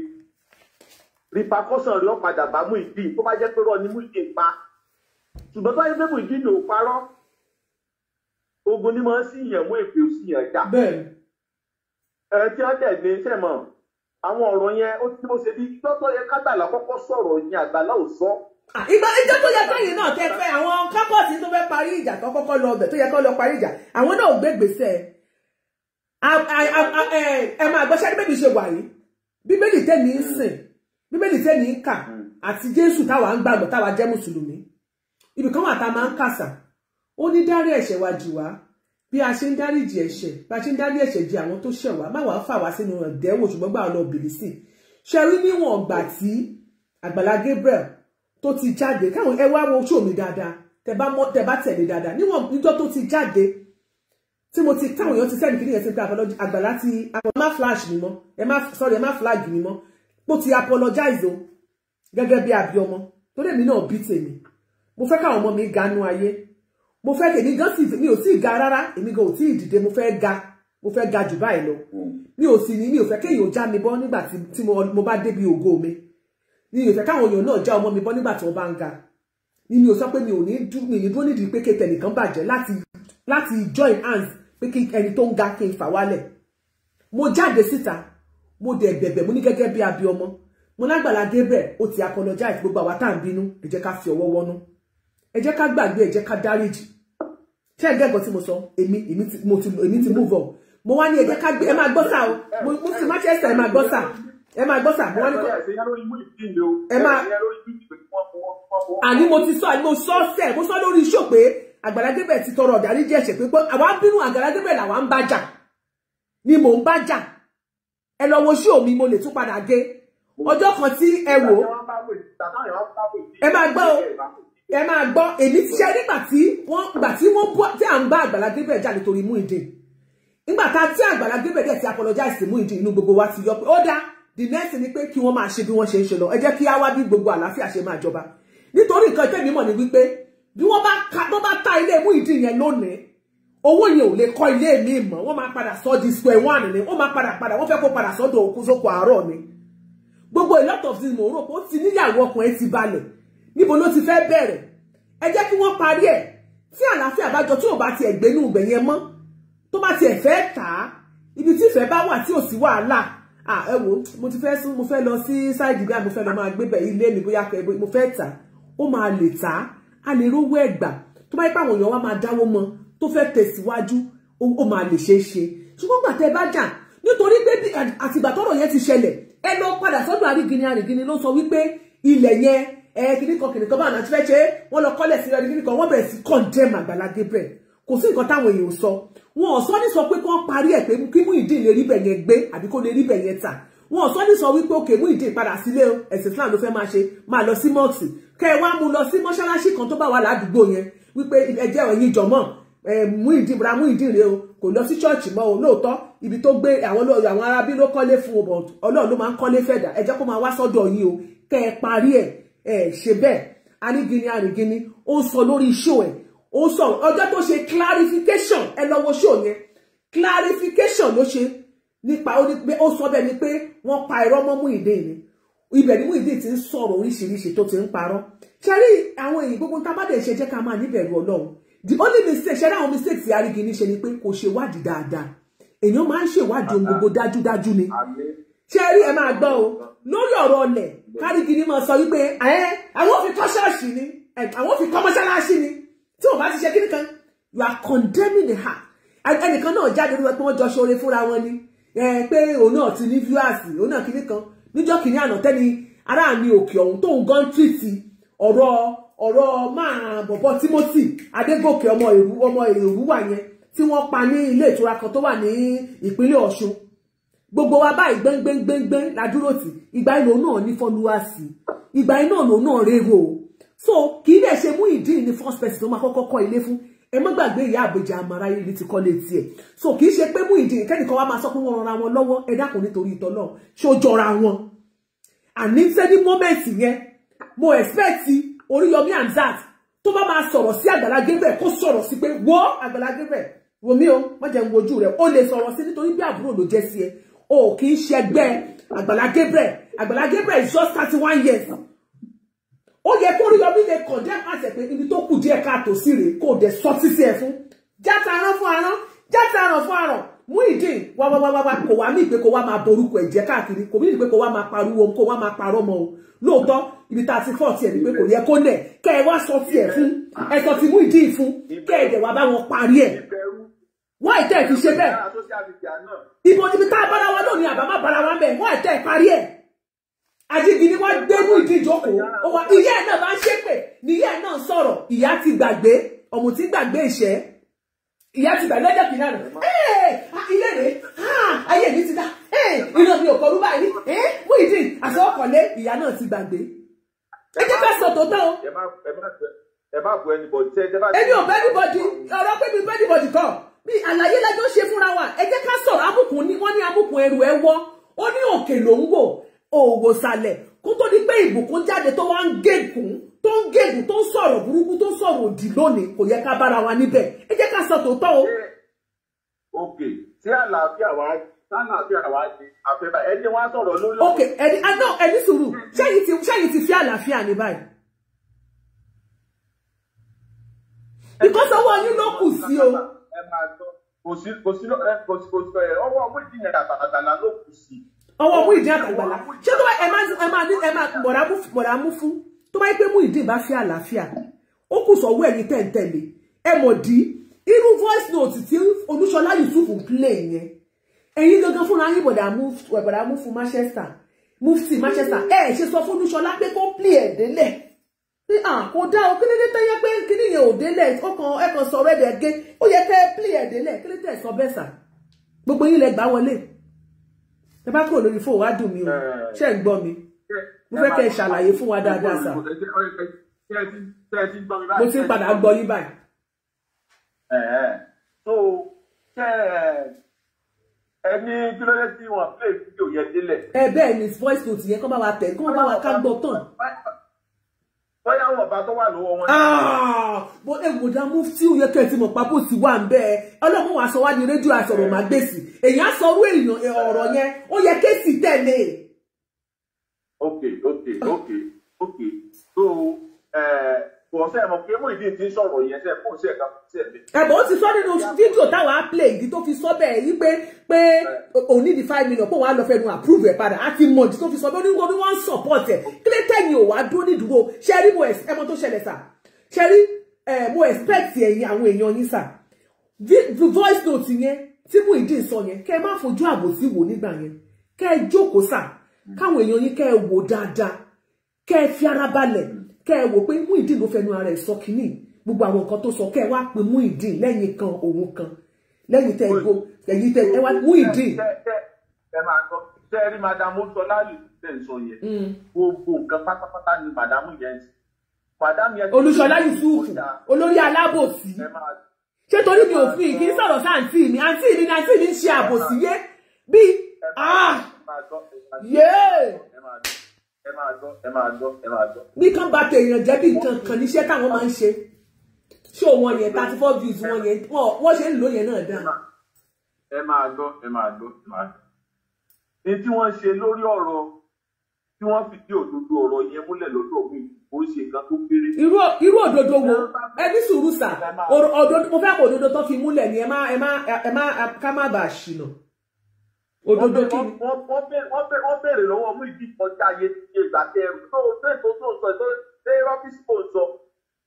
rìpàkọ́sàn rí ọ̀padà bá mú ìdí tó bá jẹ́ pé rọ ni mú ìdí pa ṣùgbọ́n tọ́lájẹ́mù ìdí ni ò parọ́ ogun ni mo ń sí ìyẹ̀mú èpè òsì yẹn dà ẹ̀ tí wọ́n dẹ̀ ní sẹ́mọ̀ àwọn ọ̀rọ̀ yẹn ó ti bó bí tọ́tọ́ yẹ kátàlá kọ́kọ́ sọ̀rọ̀ yẹn àgbàlá ò sọ. Ah, ìgbà ìjọ tó yẹ náà tẹ àwọn kápọ́ọ̀tì tó fẹ́ parí ìjà tó kọ́kọ́ lọ ọbẹ̀ tó yẹ kó lọ àwọn náà ò gbé gbèsè ẹ máa gbọ́ sẹ́ni wà yìí bíbélì tẹ̀mí ń sìn bíbélì tẹ̀mí ń kà àti jésù táwa ń gbàgbọ́ táwa jẹ́ mùsùlùmí bí a ṣe ń dáríjì ẹ̀ṣẹ̀ bá a ṣe ń dárí ẹ̀ṣẹ̀ jì àwọn tó ṣẹ̀ wá má wàá fà wá sínú ẹ̀dẹ́wò ṣùgbọ́n gbà lọ bèrè sí i ṣe rí níwọ̀n ọ̀gbà tí Àgbàlá Gabriel tó ti jáde káwọn ẹ wá wo ojú mi dáadáa tẹ bá tẹ̀lé dáadáa níwọ̀n níjọ́ tó ti jáde tí mo ti káwọn èèyàn ti sẹ́ni kí nìyẹn ti pé Àgbàlá ti ẹ má flash mi mọ́ ẹ má sorry ẹ má flag mi mọ́ mo ti apologize o gẹ́gẹ́ bí abiọmọ torí èmi náà bí tèmi mo fẹ́ káwọn ọmọ mi ganú ayé mo fẹ́ kèmí gan sì mi ò tí ì ga rárá èmi gan ò tí ì dìde mo fẹ́ ga mo fẹ́ ga jù báyìí lọ hmm. mi ò sì ní mi ò fẹ́ kéèyàn já mi bọ́ nígbà tí mo bá débi ògo mi mi ò fẹ́ káwọn èèyàn náà já ọmọ mi bọ́ nígbà tí wọ́n bá ń ga ni mi ò sọ pé mi ò ní dúró nídìí pé kí tẹnìkan bàjẹ́ láti join hands pé kí ẹni tó ń ga kí n fà wálẹ̀ mo jáde síta mo dẹ̀ bẹ̀bẹ̀ mo ní gẹ́gẹ́ bí abiọmọ mo lágbàlá débẹ̀ ó ti apologize gbogbo àwa tá à ń bínú ẹ ká fi ọwọ́ wọnú ẹ ká gbàgbé ẹ ká dáríjì ṣé ẹ gẹ́gọ́ tí mo sọ èmi èmi ti mo ti èmi ti move on mo wá ní ẹ ká gbé ẹ máa gbọ́ sà o mo ti Manchester ẹ máa gbọ́ sà ẹ máa gbọ́ sà mo wá ní kọ́ ẹ máa àní mo ti sọ àní mo sọ sẹ mo sọ lórí iṣó pé Àgbàlá Gabriel ti tọrọ ọ̀dàrí jẹ́ ẹ̀ṣẹ̀ pípọ́ àwa bínú Àgbàlá Gabriel làwa ń bá jà ni mò ń bá jà ẹ lọ wo ṣó mi mo lè tún padà gé ọjọ́ kan tí ẹ wò ẹ máa gbọ́ o ẹ máa gbọ́ èmi ti ṣe nígbà tí wọ́n gbà tí wọ́n bọ́ tí à ń bá Àgbàlá Gabriel jáde torí Muyideen nígbà tá tí Àgbàlá Gabriel dẹ̀ ti apologize Muyideen inú gbogbo wa ti yọ pé ó dá the next ni pé kí wọ́n máa ṣe bí wọ́n ṣe ń ṣe lọ ẹ jẹ́ kí á wá bí gbogbo àlàáfíà ṣe máa jọba nítorí nǹkan tẹ́mi mọ̀ ni wípé bí wọ́n bá ka wọ́n bá ta ilé Muyideen yẹn lónìí owó yẹn ò lè kọ́ ilé mi mọ́ wọ́n máa padà sọ di square one ni wọ́n máa padà padà wọ́n fẹ́ kó padà sọ́dọ̀ òkú sóko àárọ̀ ni gbogbo a lot of things mo rò pé ó ti níyàwó ọkùnrin ti balẹ̀ níbo ló ti fẹ́ bẹ̀rẹ̀ ẹ jẹ́ kí wọ́n parí ẹ̀ tí àlàáfíà bá jọ tí ò bá tiẹ̀ gbénú ibẹ̀ yẹn mọ́ tó bá tiẹ̀ fẹ́ tà á ibi tí ìfẹ́ bá wà tí ò sí wàhálà à ẹ wo mo ti fẹ́ sún mo fẹ́ lọ sí sáìdì bí i mo fẹ́ lọ máa gbé bẹ̀ ilé mi bóyá kẹ mo fẹ́ tà ó máa lè tà á a lè rówó ẹ̀gbà tó bá yẹ pé àwọn èèyàn wa máa dáwọ́ mọ́ tó fẹ́ tẹ̀síwájú ó máa lè ṣeé ṣe ṣùgbọ́n gbà tẹ́ bá jà nítorí pé àtìgbà tọ́rọ̀ yẹn ti ṣẹlẹ̀ ẹ lọ padà sọ́dọ̀ àríginí àríginí ló sọ wípé ilẹ̀ yẹn ẹ eh, kíní kan kìnìkan báwọn àti fẹ́ ṣe wọ́n lọ kọ́lẹ̀ sí ọdún kíní kan wọ́n bẹ̀rẹ̀ sí condemn Àgbàlá Gabriel kò sí nǹkan táwọn èèyàn sọ wọn ò sọ ní sọ pé kán parí ẹ̀ pé kí Muyideen lè rí bẹ̀yẹn gbé àbí kó lè rí bẹ̀yẹn tà wọn ò sọ ní sọ wípé òkè Muyideen padà sílé ẹ̀sìn Islam ló fẹ́ máa ṣe máa lọ sí mọ́ọ̀sì kẹ́ ẹ wá mú lọ sí mọ́ṣáláṣí kan tó bá wà ládùúgbò yẹn wípé ẹjẹ́ ẹ̀yin jọ̀mọ́ eh, Muyideen bra Muyideen rèé o kò lọ sí ṣọ́ọ̀ṣì mọ́ o lóòótọ́ ibi tó gbé àwọn àwọn arábí ló kọ́lé fún o bọ̀ ọlọ́run ló máa ń kọ́lé fẹ̀dà ẹ jẹ́ kó máa wá sọ́dọ̀ o kẹ́ ẹ parí ẹ̀ ṣe bẹ́ẹ̀ arígini arígini ó ń sọ lórí show ẹ̀ ó ń sọ ọjọ́ tó ṣe clarification ẹ lọ wo show yẹn clarification ló ṣe nípa ó sọ bẹ́ẹ̀ ni pé wọ́n pa irọ́ mọ́ Muyideen ni ibẹ̀ ni Muyideen ti ń sọ̀rọ̀ oríṣiríṣi tó ti ń parọ́ ṣe rí àwọn èyí gbogbo tá a bá dẹ̀ ṣe jẹ́ ká máa níbẹ̀rù ọlọ́run the only mistake ṣe rí àwọn mistake ti arígini ṣe ni pé kò ṣe wádìí dáadáa èèyàn máa ń ṣèwádìí ohun gbogbo dájúdájú ni ṣe rí ẹ máa gbọ́ o lórí ọ̀rọ̀ ọlẹ̀ káríkì ni máa sọ wípé ẹ àwọn òfin kọ́ ṣọ́ọ̀ṣì ni àwọn òfin kọ́ mọ́ṣáláṣí ni tí wọ́n bá ti ṣe kíní kan you are condemning the heart ẹnìkan náà jáde lórí pé jọ ṣoore fúnra wọn ni pé òun náà ti ní viewers òun náà kíní kan níjọ́ kìíní àná tẹ́ni òkè ọ̀hún tóun gan tìtì ọ̀rọ̀ ọ̀rọ̀ máa bọ̀bọ̀ Timothy Adégòkè ọmọ èrúwà yẹn tí wọ́n pa ní ilé ìtura kan tó wà ní ìpínlẹ̀ Ọ̀ṣun gbogbo wa báyìí gbẹ́ngbẹ́ngbẹ́ngbẹ́n la dúró tì ìgbà yìí lòun náà ní fọ́lúwà sí ìgbà yìí náà náà rérò so kì í dẹ̀ ṣe mú ìdí ní first person tó máa kọ́kọ́ kọ́ ilé fún ẹ má gbàgbé ìyá àgbèjà àmàrà yìí ti kọ́lé tiẹ̀ so kì í ṣe pé mú ìdí kẹ́nìkan wa máa sọ pé wọ́n rọra wọn lọ́wọ́ ẹ dákun nítorí ìtọ́lọ́ ṣó jọra wọn àní sẹ́ni mọ́mẹ́ǹtì yẹn mo expect Oríyọmí Hamzat tó bá máa sọ̀rọ̀ sí Àgbàlá Gabriel kó sọ̀rọ̀ sí pé wọ́ Àgbàlá Gabriel wòmí o má jẹ́ ń wojú rẹ̀ o lè sọ̀rọ̀ sí nítorí bí àbúrò ló jẹ́ sí ẹ o kì í ṣẹgbẹ́ Àgbàlá Gabriel Àgbàlá Gabriel is just thirty one years ó yẹ kó Oríyọmí lè condemn àṣẹ pé ibi tó kù díẹ̀ káàtó sí rèé kó o dẹ̀ sọ títí ẹ̀ fún játa arán fún arán játa aràn fún aràn Muyideen wá wá wá wá wá kò wá mí pé kò wá máa borúkọ ẹ̀jẹ̀ káàkiri kò mí ní pé kò wá máa pariwo kò wá máa parọ́ mọ́ o lóòótọ́ ibi tá a ti fọ́ tiẹ̀ ni pé kò yẹ kó nẹ̀ kẹ́ ẹ wá sọ tiẹ̀ fún ẹ sọ ti Muyideen fún kẹ́ ẹ wá bá wọn parí ẹ̀ wọ́n àìtẹ́ ẹ̀ fi ṣe bẹ́ẹ̀ ibo níbi tá a bára wa náà ni àbámá bára wa bẹ̀ wọ́n àìtẹ́ ẹ̀ parí ẹ̀ àjíǹde ni wọ́n gbé mú ìdí ìjókòó ìyá ẹ̀ náà máa ń ṣépè ni ìyá ẹ̀ náà sọ̀rọ̀ ìyá ti gbàgbé ọ̀mù ti gbàgbé ìṣẹ́ ìyá ti gbàgbé ẹ̀jẹ̀ kìnnà rẹ̀ ilé rẹ̀ ah, ayé mi ti dá iná mi ò kọ́ rúbà yìí eh? mú ìdí àti ọkọ̀lé ìyá náà ti gbàgbé ẹ jẹ́ fẹ́ sọ tòótọ́ o ẹ má bu ẹnibọ̀dì ẹni ò bẹ́ẹ̀ níbọ̀dì ọ̀rọ̀ pé mi bẹ́ẹ̀ níbọ̀dì kọ́ bí àlàyé lájọ ṣe fúnra wa ẹ jẹ́ ká sọ̀rọ̀ abùkún ni wọ́n ní abùkún ẹrù ẹ wọ́ ó ní òkè ló ń wò òwò sàlẹ̀ kó tó di pé ìbùkún jáde tó wá ń gégùn tó ń gégùn tó ń sọ̀rọ̀ burúkú tó ń sọ̀rọ̀ òdì lónìí kò yẹ ká bára wa níbẹ̀ ẹ jẹ́ ká sọ tòótọ́ o. ok tí àlàáfíà wa sálàáfíà wa di àfẹ́bà ẹni wá sọ̀rọ̀ lórí. ok ẹni aná ẹni sùúrù ṣẹ́yìn ti ṣẹ́yìn ti fi àlàáfíà ní báyìí. because yín ló kù sí o ẹ máa gbọ́ kò sí kò sí kò sí kò sí ọwọ́ Muyideen Àgbàlá ló kù sí. ọwọ́ Muyideen Àgbàlá ṣé tó bá ẹ máa ẹ máa ẹ máa mọ̀dà mú fún tó bá yẹ pé Muyideen bá fi àlàáfíà ó kù sọ̀wọ́ ẹ̀yìn tẹ̀ǹtẹ̀lé ẹ mọ̀ dí irú voice note tí Olúṣọlá Yusuf ń play yẹn ẹ̀yin gangan fúnra yín bọ̀dà mú fún Manchester mufti Manchester ẹ ṣe sọ fún Olúṣọlá pé kó play ẹ̀ délẹ̀ pé à ah, kò dá o kílódé tẹ́ yẹ pé kíní yẹn ò délẹ̀ ó kan ẹ kan sọ̀rọ̀ ẹ̀dẹ̀ gé ó yẹ kẹ́ ẹ pílì ẹ̀ délẹ̀ kílódé tẹ́ sọ bẹ́ẹ̀ sà gbogbo yín lẹ gbà wọlé ẹ bá kúrò lórí fóònù wá dùn mí o ṣé ń gbọ́ mi mo fẹ́ kẹ́ ẹ ṣàlàyé fún wa dáadáa sà mo ti ń padà gbọ́ yín báyìí. so ṣe ẹ ní kílódé tí wọn play fídíò yẹn délẹ̀. ẹ bẹ́ẹ̀ ni voice note yẹn kó bá wa tẹ̀ kó bá wa ká gbọ́ tán. bóyá wọn bá tó wà lọ́wọ́ wọn. bó ègbòdà mufti ó yẹ kẹ́ ẹ ti mọ̀ papò sí wà ń bẹ́ẹ̀ ọlọ́run wàá sọ wá eh, ok ok ok ok so. Eh, wọ́n sẹ́ mọ̀ pé Muyideen ti ń sọ̀rọ̀ yẹn sẹ́ sọ nínú fídíò táwọn á play ìdí tó fi sọ bẹ́ẹ̀ yí pé pé òní di five million pé wàá lọ fẹnu approve ẹ̀ padà á ti mọ̀ ìdí tó fi sọ bẹ́ẹ̀ oníwọ̀n ni wọ́n support ẹ̀ kílẹ̀ tẹ̀yìn ò wá dúró ní ìdúró ṣe rí mo ẹmọ tó ṣẹlẹ̀ sà ṣe rí mo expect ẹ̀yin àwọn èèyàn yín sà the voice note yẹn tí Muyideen sọ yẹn kẹ́ ẹ má fojú àbòsí wò nígbà yẹn kẹ́ ẹ jókòó sà káwọn èèyàn yín kẹ́ ẹ wò dáadáa kẹ́ ẹ fi ara balẹ̀ kẹ́ ẹ wò pé Muyideen ló fẹnu ara ẹ̀ sọ kínní gbogbo àwọn nǹkan tó sọ kẹ́ ẹ wá pé Muyideen lẹ́yìn kan òun kan lẹ́yìn tẹ́ ìgò ẹ̀yìn tẹ́ ẹ wá Muyideen. ẹ máa sọ ṣe rí madamu sọlá yìí tẹ̀ ń sọ yẹn mm. gbogbo nǹkan pátápátá ni madamu yẹn ti madamu yẹn ti. olùṣọlá yusufu olórí alábòsí ṣé torí mi ò fi kí n sọ̀rọ̀ sí àǹtí mi àǹtí mi ni àǹtí mi ń ṣe àbòsí yé bí ah! yéé ẹ máa gbọ́ ẹ máa gbọ́ ẹ máa gbọ́. bí kán bá tẹ èèyàn jẹ́ bí nǹkan kan níṣẹ́ táwọn máa ń ṣe ṣó wọn yẹn thirty four views wọn yẹn wọ́n ṣe ń lò yẹn náà dáa. ẹ máa gbọ́ ẹ máa gbọ́ ẹ máa gbọ́. ní tí wọ́n ṣe lórí ọ̀rọ̀ tí wọ́n fi dé òdodo ọ̀rọ̀ yẹn múlẹ̀ lọ́dọ̀ mi ó ṣe nǹkan tó kéré. irú irú òdodo wo ẹ ní sùúrù sà òdodo mo fẹ́ kó òdodo tó fi múlẹ̀ ni ẹ má ká má bàa ṣìnà òdodo kí ni. wọ́n béèrè lọ́wọ́ mú ìdí ọjà ayé ti ìgbà tẹ ẹrù tó bẹ́ẹ̀ tó tó ń sọ ìtọ́ ṣé rọ́bìsì kò ń sọ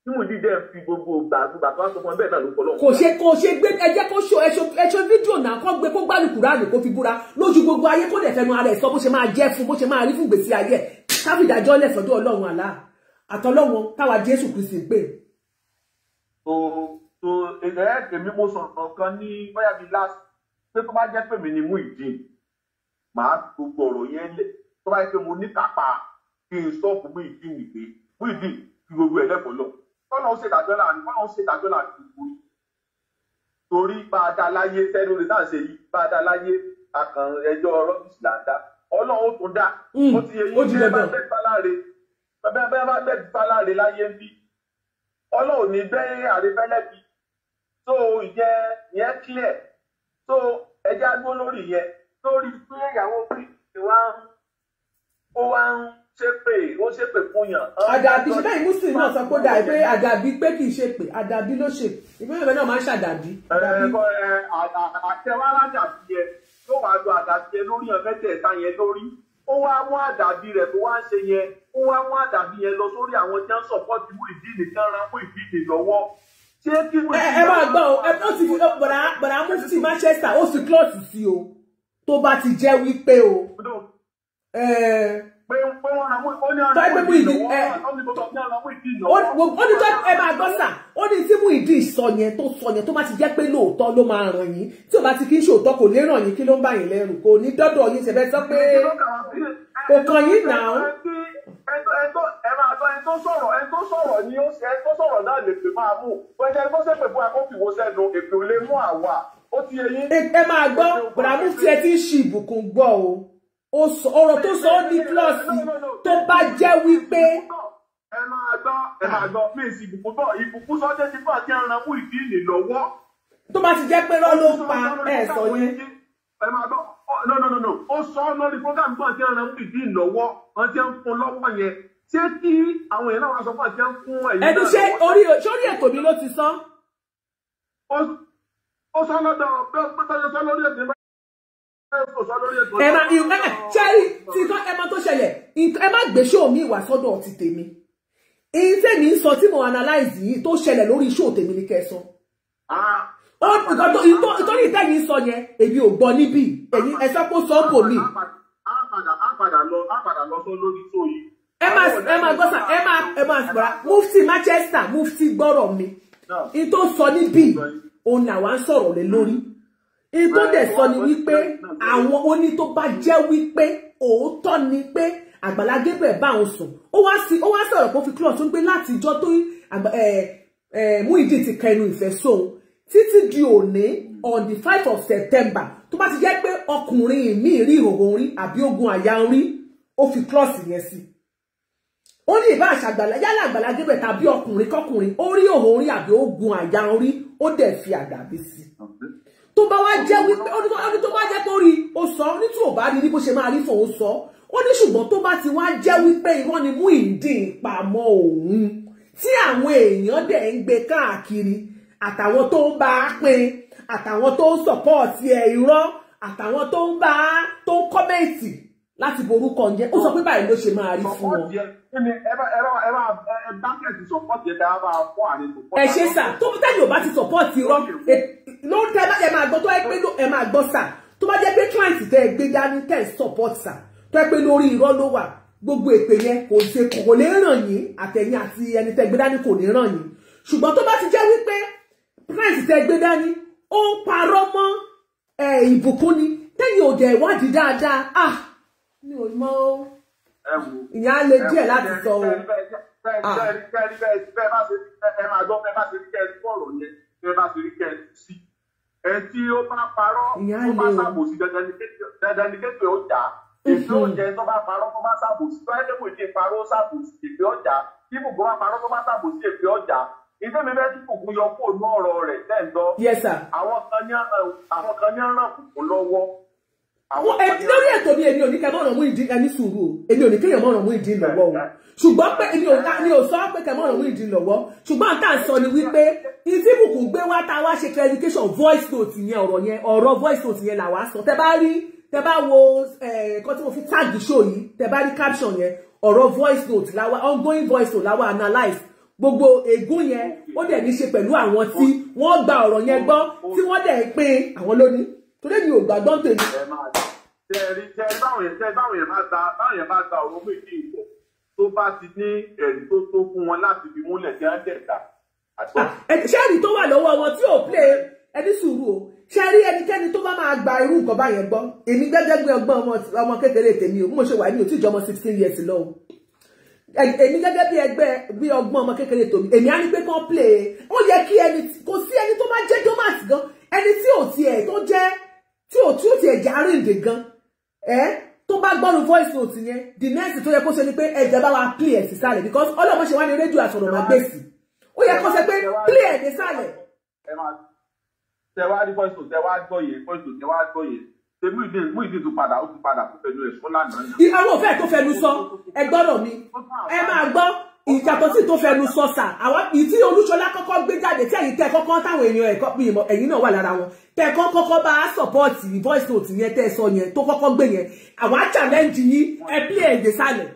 tí mo dídẹ́ ń fi gbogbo gbà gbà tó wá sọ fún ẹ bẹ́ẹ̀ náà ló kọ́ lọ́wọ́. kò ṣe kò ṣe gbé ẹ kó ṣo ẹṣọ fídíò náà kó gbé kó gbálù kúránì kó fi búra lójú gbogbo ayé kó lè fẹnu ara ẹ̀ sọ bó ṣe máa jẹ́ fún bó ṣe máa rí fún gbèsè ayé káfíńdájọ́ lẹ̀ sọ́dọ̀ àlá àtọlọ́run táwa jésù kristi pè. tó tó èmi mo sọ̀rọ̀ kan ní bóyá bíi last pé tó bá jẹ́ pé mi ni Muyideen màá gbogbo ọ̀rọ̀ yẹn lẹ̀ tó bá yẹ pé mo ní kápá kí n sọ fún Muyideen nìgbé Muyideen fi gbogbo ẹ̀ lẹ́kọ̀ọ́ lọ tọ́nà ó ṣèdájọ́ láàrin tọ́nà ó ṣèdájọ́ láàrin gbogbo torí bá a dá láyé sẹ́nu rẹ̀ náà ṣe yìí bá a dá láyé akàn ẹjọ́ rọ́bìsì là ń dá ọlọ́run ó tún dá hmm. ó ti yẹ yín bẹ́ẹ̀ bá bẹ́ẹ̀ sáláre bẹ́ẹ̀ bá bẹ́ẹ̀ sáláre láyé ń bí ọlọ́run ní bẹ́ẹ̀ àrẹ́fẹ́lẹ́ bí tó ìjẹ́ yẹn clear so ẹja gbó lórí yẹn lórí pé ìyàwó kristi wá ó wá ń ṣépè ó ṣépè fún yàn. àdàbí ṣe bẹ́ẹ̀ muslim náà sọ pé dàbí pé àdàbí pé kì í ṣe pé àdàbí ló ṣe ìfẹ́ ìfẹ́ náà máa ń ṣàdàbí. àtẹwá aládàbí yẹn ló wàá lo àdàbí yẹn lórí yàn mẹ́tẹ̀ẹ̀ta yẹn lórí ó wá mú àdàbí rẹ̀ tó wá ń ṣe yẹn ó wá mú àdàbí yẹn lọ sórí àwọn tí wọ́n ń sọ̀pọ̀ tìwú ìdí nìkan ránpọ̀ ìdí nìlọ́wọ́ ṣé kí wọ́n. ẹ máa gbọ́ o ẹ ó sì fi bọ̀dà bọ̀dà mufti Manchester ó sì klọ́ọ̀sì sí o tó bá ti jẹ́ wípé o. tọ́jú pé Muyideen ẹ ó ní tọ́jú ẹ máa gbọ́ sà ó ní tí Muyideen sọ yẹn tó sọ yẹn tó bá ti jẹ́ pé lóòótọ́ ló máa ràn yín tí ò bá ti kí ń ṣòótọ́ kò lè ràn yín kí ló ń bà yín lẹ́rù kò ní dọ́dọ̀ yín ṣẹ̀fẹ̀ sọ pé kò kàn yín nà án tó sọ̀rọ̀ ẹni tó sọ̀rọ̀ ni ó ẹni tó sọ̀rọ̀ náà lè pè máa mú pẹ̀lú ẹni tó sẹ́pẹ̀ fún akófìwò sẹ́nu èpè ò lè mú àwa ó ti yẹ yín. ẹ máa gbọ́ bùràmù tí ẹ ti ń ṣe ìbùkún gbọ́ o ọ̀rọ̀ tó sọ ọ́ ní kílọ̀sì tó bá jẹ́ wípé. ẹ máa gbọ́ ẹ máa gbọ́ fèsì ìbùkún bọ̀ ìbùkún sọ́jẹ́ ti bọ̀ tí ẹ ran mú ìdí ìlè lọ́wọ́. tó bá ti jẹ́ pé rọ́ ló ń pa ẹ̀ sọ yẹn. ẹ máa gbọ́ no no no no ó sọ ọ́ lórí program gbọ́n tí ẹ ran mú ìdí ìlọ́wọ́ wọ́n ti ń fún lọ́wọ́ yẹn ṣé kí àwọn èèyàn náà wá sọ fún àti fún ẹ̀yìn náà. ẹni ṣé orí sórí ètò mi ló ti sán. ó sọ lọ́dọ̀ pẹ́pẹ́pẹ́ sọ lórí ètò ìbá ẹ má ẹ ṣẹ́rí tí nǹkan ẹ má tó ṣẹlẹ̀ ẹ má gbé ṣó mi ìwà sọ́dọ̀ ti tèmi èyí tèmi ń sọ tí mo analyze yìí tó ṣẹlẹ̀ lórí ṣó tèmi ni kẹ́ ẹ sọ ah. ìtọ́rí ìtẹ́yìn sọ yẹn èmi ò gbọ́ níbí ẹ̀yin ẹ̀sẹ̀ kó sọ kò mí. a padà lọ sọ lórí tó yìí Emma, Emma, go sa Emma, Emma, máa ẹ máa gbọ́ra Manchester move gbọ́rọ̀ mi in tó sọ níbí òun làwa ń sọ̀rọ̀ lé lórí in tó dẹ̀ sọ ni wípé àwọn oní tó bá jẹ́ wípé òótọ́ ni pé Àgbàlá Gabriel bá òun sùn ó wá sí ó wá sọ̀rọ̀ pé ó fi close ó lati pé láti eh eh mu ti kẹnu ife so. títí di òní on the 5th of September To ba ti jẹ́ pé ọkùnrin mi ri ìhòòhò rí àbí ogun àyà rí ó fi close yẹn sí i ó ní ìbá yala yálà àgbàlá gbígbẹ tàbí ọkùnrin ori ó ori abi orí àbí ó o àyà orí ó dẹ̀ fi àdàbí sí tó bá wá jẹ́ wípé ó ní tó bá jẹ́ tó rí ó sọ ní tí ò bá rí ní bó ṣe máa rí fòun sọ ó ní ṣùgbọ́n tó bá ti wá jẹ́ wípé ni mú ìdí ìpamọ́ òun tí àwọn èèyàn dẹ̀ ń gbé káàkiri àtàwọn tó ń bá a pín àtàwọn tó ń sọ̀pọ̀ọ̀tì ẹ̀ irọ́ àtàwọn tó láti borúkọ ǹjẹ́ ó sọ pé báyìí ló ṣe máa rí fún wọn. ẹ ṣe sà tó bí tẹ́lẹ̀ ò bá ti sọ̀pọ́ọ̀tì irọ́ ló ń tẹ́ ẹ máa gbọ́ tó ẹ pé ẹ máa gbọ́ sà tó bá jẹ́ pé client tẹ́ ẹ gbé dání tẹ́ ẹ sọ̀pọ́ọ̀tì sà tó ẹ pé lórí irọ́ ló wà gbogbo èpè yẹn kò ṣe kò lè ràn yín àtẹ̀yìn àti ẹni tẹ́ gbé dání kò lè ràn yín ṣùgbọ́n tó bá ti jẹ́ wípé client tẹ́ gbé dání ó parọ́ mọ́ ìbùkún ni tẹ́yìn ò ah mi ò mọ o ìyá le díẹ̀ láti sọ o. ẹ máa gbọ́ ẹ má ti rí kẹ́ ẹ fọ̀rọ̀ yẹn ẹ má ti rí kẹ́ ẹ sí ẹ tí ó bá parọ́ tó bá ṣàbòsí dandan ni kékeré ọjà èsì oúnjẹ tó bá parọ́ tó bá ṣàbòsí tó ẹni mò ń ṣe parọ́ ṣàbòsí èsì ọjà tí kòkó bá parọ́ tó bá ṣàbòsí èsì ọjà ìdí mi bẹ́ẹ̀ tí kòkó yọ kó nú ọ̀rọ̀ rẹ̀ tẹ̀ ń lọ àwọn kan ní àwọn kan ní ọ̀ràn kòkó lọ́wọ́ lórí ètò mi èmi ò ní kẹ́ mọ̀ràn mú ìdí ẹni sùúrù o èmi ò ní kéèyàn mọ̀ràn mú ìdí lọ́wọ́ o ṣùgbọ́n pé èmi ò ní ò sọ pé kẹ́ mọ̀ràn mú ìdí lọ́wọ́ ṣùgbọ́n tá à ń sọ ni wípé ìdí ìbùkún gbé wá tá a wá ṣe clarification voice note yẹn ọ̀rọ̀ yẹn ọ̀rọ̀ voice note yẹn là wá sọ tẹ bá rí tẹ bá wo ẹ̀ẹ́kan tí mo fi tag show yìí tẹ bá rí caption yẹn ọ̀rọ̀ voice note láwa ongoing voice note láwa analyse gbogbo ègún yẹn ó dẹ̀ ní ṣe pẹ̀lú àwọn tí wọ́n gba ọ̀rọ̀ yẹn gbọ́ tí wọ́n dẹ̀ pín àwọn lónìí torí èmi ò gbàgbọ́ ń tèmi. ẹ máa tẹ ẹ rí tẹ báwọn yẹn tẹ báwọn yẹn bá ta báwọn yẹn bá ta ọ̀rọ̀ méjì ìbò tó bá ti ní ẹ̀rí tó tó fún wọn láti fi múlẹ̀ tí wọ́n tẹ̀ka. ṣé ẹ̀rí tó wà lọ́wọ́ wọn tí ò plé ẹni sùúrù o ṣé rí ẹnikẹ́ni tó bá máa gba irú nǹkan báyẹn gbọ́ èmi gẹ́gẹ́ ọgbọ́n ọmọ kékeré tèmi o mo ṣe wà ní òtí ìjọmọ sixteen years lọ o èmi gẹ́gẹ́ bí ẹgbẹ́ bí ọgbọ́n ọmọ kékeré tòmí èmi á ní pé kán plé e ó yẹ kí ẹni kò sí ẹni tó máa jẹ́ domat gan ẹni tí ò tiẹ̀ tó jẹ́ tí ò tí ò ti ẹ̀jẹ̀ àríǹde gan ẹ́ tó bá gbọ́nu voice note yẹn the next tó yẹ kó ṣe ni pé ẹ̀jẹ̀ bá wa play ẹ̀ sí sálẹ̀ because ọlọ́mọ ṣe wá ní rédíò do máa gbèsè ó yẹ kó ṣe pé play ẹ̀ dé sálẹ̀. tẹ wá rí voice note tẹ wá gbọ́ yẹn voice note tẹ wá gbọ́ yẹn ṣe mú ìdí mú ìdí tó padà ó ti padà fún fẹnu ẹ̀ fún lánàá. àwọn òfẹ́ tó fẹnu sọ ẹ gbọ́dọ̀ mi ẹ máa gbọ́ ìjàpọ̀ sí tó fẹnu sọ sà àwọn ìtí olúṣọlá kọ́kọ́ gbé jáde tí ẹ̀yin tẹ́ kọ́kọ́ táwọn èèyàn ẹ̀kọ́ bí ìmọ̀ ẹ̀yin náà wà lára wọn tẹ́ kọ́ kọ́kọ́ bá sọ̀pọ́ọ̀tì voice note yẹn tẹ́ sọ yẹn tó kọ́kọ́ gbé yẹn àwọn challenge yín ẹbí ẹ̀jẹ̀ sálẹ̀.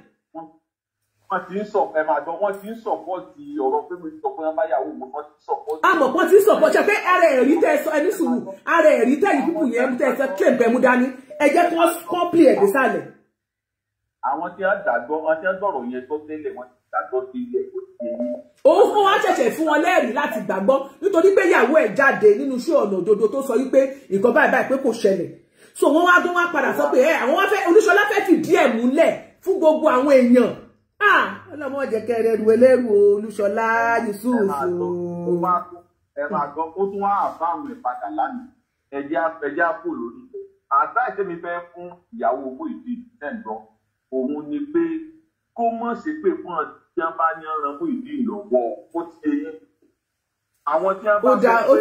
wọ́n ti ń sọ ẹ máa gbọ́ wọ́n ti ń sọ̀pọ́ọ̀tì ọ̀rọ̀ pé mo ti sọ fún yàrá yàwó mo wọ́n ti sọ̀pọ́ọ̀tì. àmọ́ wọ́n ti sọ̀pọ́ọ̀tì pé ara ẹ̀rí tẹ́ sọ ẹni sùúrù ara ẹ̀rí tẹ́ yìí púpù yẹn tẹ́ sọ kí ẹ̀bẹ̀ mú dání ẹ jẹ́ kí wọ́n gbàgbọ́ sí ilé kò sí ní. òun fún wa ṣẹ̀ṣẹ̀ fún wọn lẹ́rìí láti gbàgbọ́ nítorí pé ìyàwó ẹ̀ jáde nínú iṣẹ́ ọ̀nà òdodo tó sọ wípé nǹkan báyìí báyìí pé kò ṣẹlẹ̀ so wọ́n wá dún wá padà sọ pé ẹ àwọn wá fẹ́ Olúṣọlá fẹ́ fìdí ẹ̀ múlẹ̀ fún gbogbo àwọn èèyàn ọlọ́mọ jẹ̀kẹ́ rẹ̀ rú ẹlẹ́rù Olúṣọlá Yusuf. ẹ máa gbọ́ ó tún wá àbáwọn ìpadà lánàá ẹ̀jẹ̀ á pò lórí àtàìsẹ́mi fẹ́ fún ìyàwó owó ìdí ẹ̀ ń gbọ́ òun ni pé kó mọ̀ sí pé fún ọ tí wọ́n bá ní ọ̀ràn mú ìdí ìlọ́wọ́ ó ti ṣe yín. àwọn tí wọ́n bá fẹ́ pé ó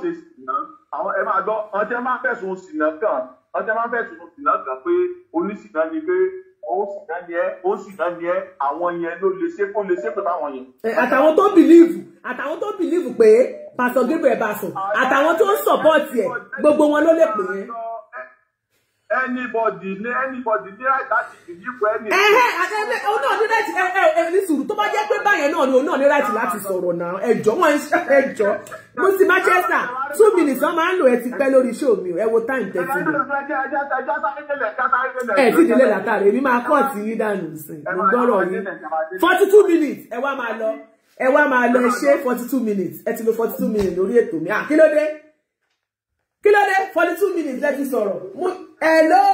ṣe sìnà àwọn ẹ máa gbọ́ ọ̀n tí wọ́n máa fẹ̀sùn sìnà kàn ọ̀n tí wọ́n máa fẹ̀sùn sìnà kàn pé oníṣìnà ni pé ó sìnà ni ẹ ó sìnà ni ẹ àwọn yẹn ló lè ṣe kó lè ṣe pé báwọn yẹn. àtàwọn tó bìlíìfù àtàwọn tó bìlíìfù pé pásọ Gabriel Basso àtàwọn tó ń sọpọ́ọ̀tì ẹ̀ gbogbo wọn ló lè pè é anybody ní anybody ní right láti believe for anybody. ẹ ẹ ẹ òun náà ní right ẹ ẹ ẹ ní sùúrù tó bá jẹ́ pé báyẹn náà ni òun náà ní right láti sọ̀rọ̀ náà ẹjọ́ wọn ń ṣe ẹjọ́ mo sì Manchester two minutes wọn máa ń lò ẹ ti pẹ́ lórí show mi ẹ wo time tẹsí mi. ẹ ti délé látàrí èmi máa kọ́ ọ̀tí yín dànù sí i mo gbọ́rọ̀ yín forty two minutes ẹ wá máa lọ ẹ wá máa lọ ẹ ṣe forty two minutes ẹ ti lo forty two minutes lórí ètò mi àkílódé kí ló dé forty two minutes lẹ́ fi sọ̀rọ̀ mú hello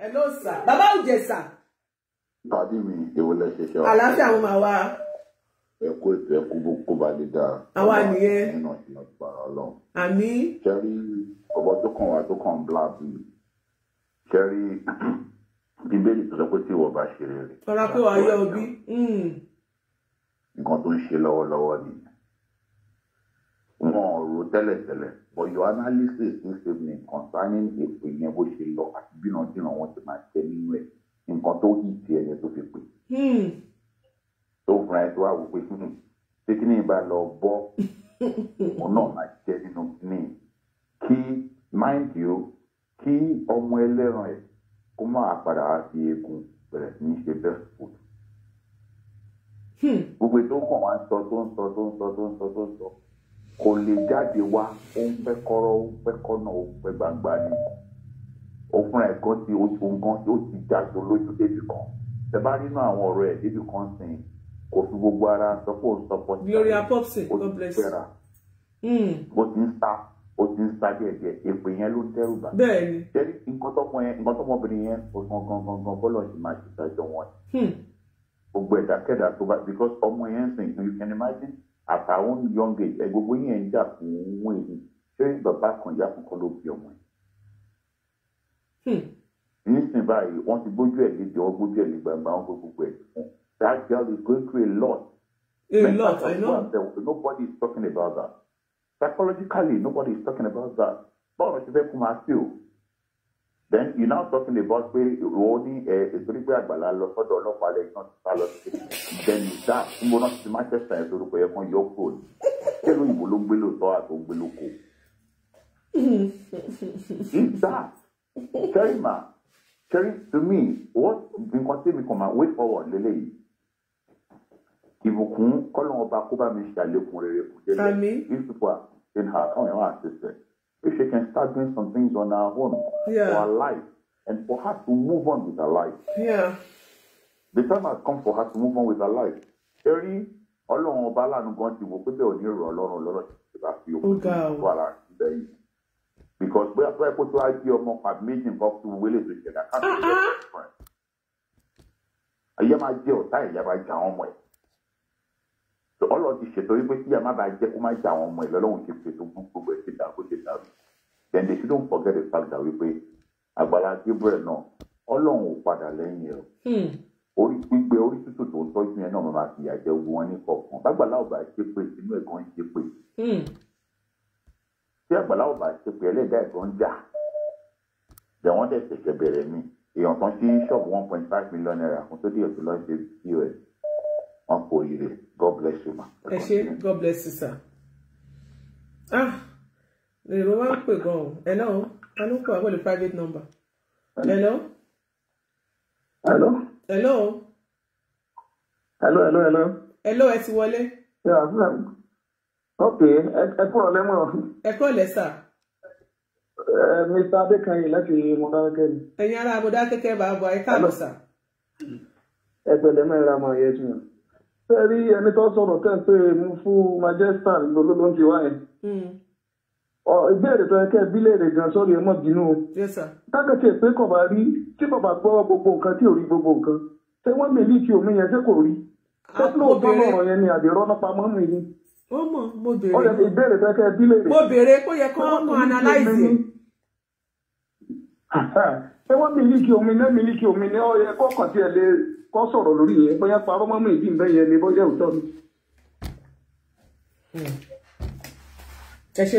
hello sir bàbá òjẹ̀sà. pàdé mi èwo lẹ ṣe ṣe ọ. àlàáfíà àwọn máa wá. ẹ kó ètò ẹ kó kó bá lè dáa. àwa nìyẹn. nínú ìlànà ìgbàlá Ọlọ́run. àmín. sẹ́rí ọ̀bọ tó kàn wá tó kàn bláàbì sẹ́rí bíbélì tó sọ pé tí ìwọ bá ṣe rere. tọ́lá pé wàá yọ òbí. Hmm. nǹkan tó ń ṣe lọ́wọ́lọ́wọ́ ni wọn rò tẹ́lẹ̀tẹ́lẹ̀ but your analysis this evening concerning èpè yẹn bó ṣe lọ àti bínàdínà wọn ti máa tẹ nínú ẹ nǹkan tó yí tiẹ̀ yẹn tó fi pè. tó fúnra ẹ tó wà wò pé ṣé kí ni ìbá lọ bọ́ òun náà máa jẹ́ nínú mind you kí on ẹlẹ́ran ẹ̀ kó máa padà wá sí eegun bẹ̀rẹ̀ sí ní best food. Hmm. gbogbo ètò kan wá ń sọ tó ń sọ tó ń sọ tó ń sọ tó ń sọ kò lè jáde wá ó ń fẹ́ kọ́rọ́ ó ń fẹ́ kọ́nà ó ń fẹ́ gbangba ni òfin ẹ̀kọ́ ti oṣù gan ó ti jàjọ lójú débi kan tẹ bá nínú àwọn ọ̀rọ̀ ẹ̀ débi kan sìn kò fi gbogbo ara sọ pé òun sọ pọ́ńtì Gloria Popsi God bless you bó hmm. ti ń sá ó ti ń sá díẹ̀díẹ̀ èpè yẹn ló ń dẹ́rù bà bẹ́ẹ̀ni jẹrí nǹkan tọmọ yẹn nǹkan tọmọbìnrin yẹn gangan gangan gangan bọlọ ṣì máa ṣètàjọ wọn hmm. gbogbo ẹ̀dákẹ́dà tó bá because ọmọ yẹn sìn you can imagine at her own young age ẹ gbogbo yẹn ń jà fún owó èyí ṣé bàbá kan ìyá kan kọ́ ló bí ọmọ yìí. Hmm. nísìnyí báyìí wọ́n ti gbójú ẹ̀ lédè wọ́n gbójú ẹ̀ lé gbàgbà wọ́n gbogbo ẹ̀ fún that girl is going through a lot. a lot i know. Herself, nobody is talking about that psychologically nobody is talking about that báwo ni ṣe fẹ́ kó máa feel then you now talking about pé òun ní ẹ ìtorí pé àgbàlá lọ sọ́dọ̀ ọlọ́pàá lẹ́yìn náà ti sá lọ sí then that ń bọ náà ti Manchester yẹn torúkọ yẹ kán yọ kúrò ní kéèrò ìbò ló gbé lóòótọ́ àti ó gbé lóko. if that ma, Kerry to me what nǹkan tí mi kàn máa wait forward lélẹ́yìí ìbùkún kọ́lọ́n ọba kó bá mi ṣàlékún rere kò jẹ́ if people are in her ọ̀hún ẹ̀ wọ́n á ṣe sẹ́yìn if she can start doing some things on her own, yeah. for her life, and for her to move on with her life. Yeah. The time has come for her to move on with her life. Ẹrí ọlọ́run ọba aláàánú gan ti wò pé bẹ́ẹ̀ ò ní rọ̀ ọlọ́run lọ́rọ̀ tí bá fi òkú tó wà lára ìbẹ̀ yìí. Because bóyá bóyá kó tó á di ọmọ pàbí méjì nǹkan tó wọlé tó ṣẹlẹ̀ káàkiri ọ̀rẹ́ rẹ̀. Ayé máa jẹ ọ̀tá ìyá máa jà àwọn ọmọ ẹ̀. Ọlọ́run ti ṣètò wípé kí ìyá má bàa jẹ́ kó má jà àwọn ọmọ ẹ̀ lọ́lọ́run ti ṣètò gbogbo ẹ̀ ti dà kó dàrú then they shouldn't forget the fact that we wípé Àgbàlá Gabriel náà Ọlọ́run ò padà lẹ́yìn ẹ̀ hmm. orí gbígbé orí tútù tó ń tọ́jú yẹn náà máa máa fìyà jẹ wọn ní kọ̀ọ̀kan bàgbàlá ọba ṣépè inú ẹ̀ gan ṣépè tí hmm. Àgbàlá ọba ṣépè ẹlẹ́dàá ẹ̀ gan jà jẹ̀wọ́n dẹ̀ ṣẹ̀ṣẹ̀ bẹ̀rẹ̀ mi èèyàn kan sí ṣọ́ọ̀bù one point five million naira fún tó díẹ̀ tó lọ ṣe pos wọn kò rí rẹ̀ God bless you ma. ẹ ṣé God bless you sir. ah èrò wa ń pè gan o hello ta ló ń pè wá pẹ̀lú private number hello. hello. hello. hello hello hello. hello ẹ ti wọlé. ok ẹ kúrò lẹ́mọ̀. ẹ kúrò lẹ́sà. Eh, Mr. Adékanyè láti Mọdákẹ́kẹ́ ni. ẹ̀yin ará Mọdákẹ́kẹ́ bàbá ẹ káàbọ̀ sà. ẹ pẹ̀lẹ́ mẹ́rin àmọ́ ẹ̀yẹ́ ti yàn fẹ́ẹ́ rí ẹni tó sọ̀rọ̀ tẹ̀ ń pè mú fún Majestan lólóńtì wáyé. ọ tó yẹ kẹ́ bí léèrè gan sórí ẹ mọ́ bínú o. tákàtì pé kọ̀bà rí tí gbọ́ gbogbo nǹkan tí ò rí gbogbo nǹkan ṣé wọ́n tí omi yẹn ṣé kò rí. sẹ́kúlóòtọ́ ah, lọ́rọ̀ yẹn ni àdèrọ́ náà pamọ́ mi ni. ó mọ̀ mo béèrè. ó yẹ ìbéèrè tó yẹ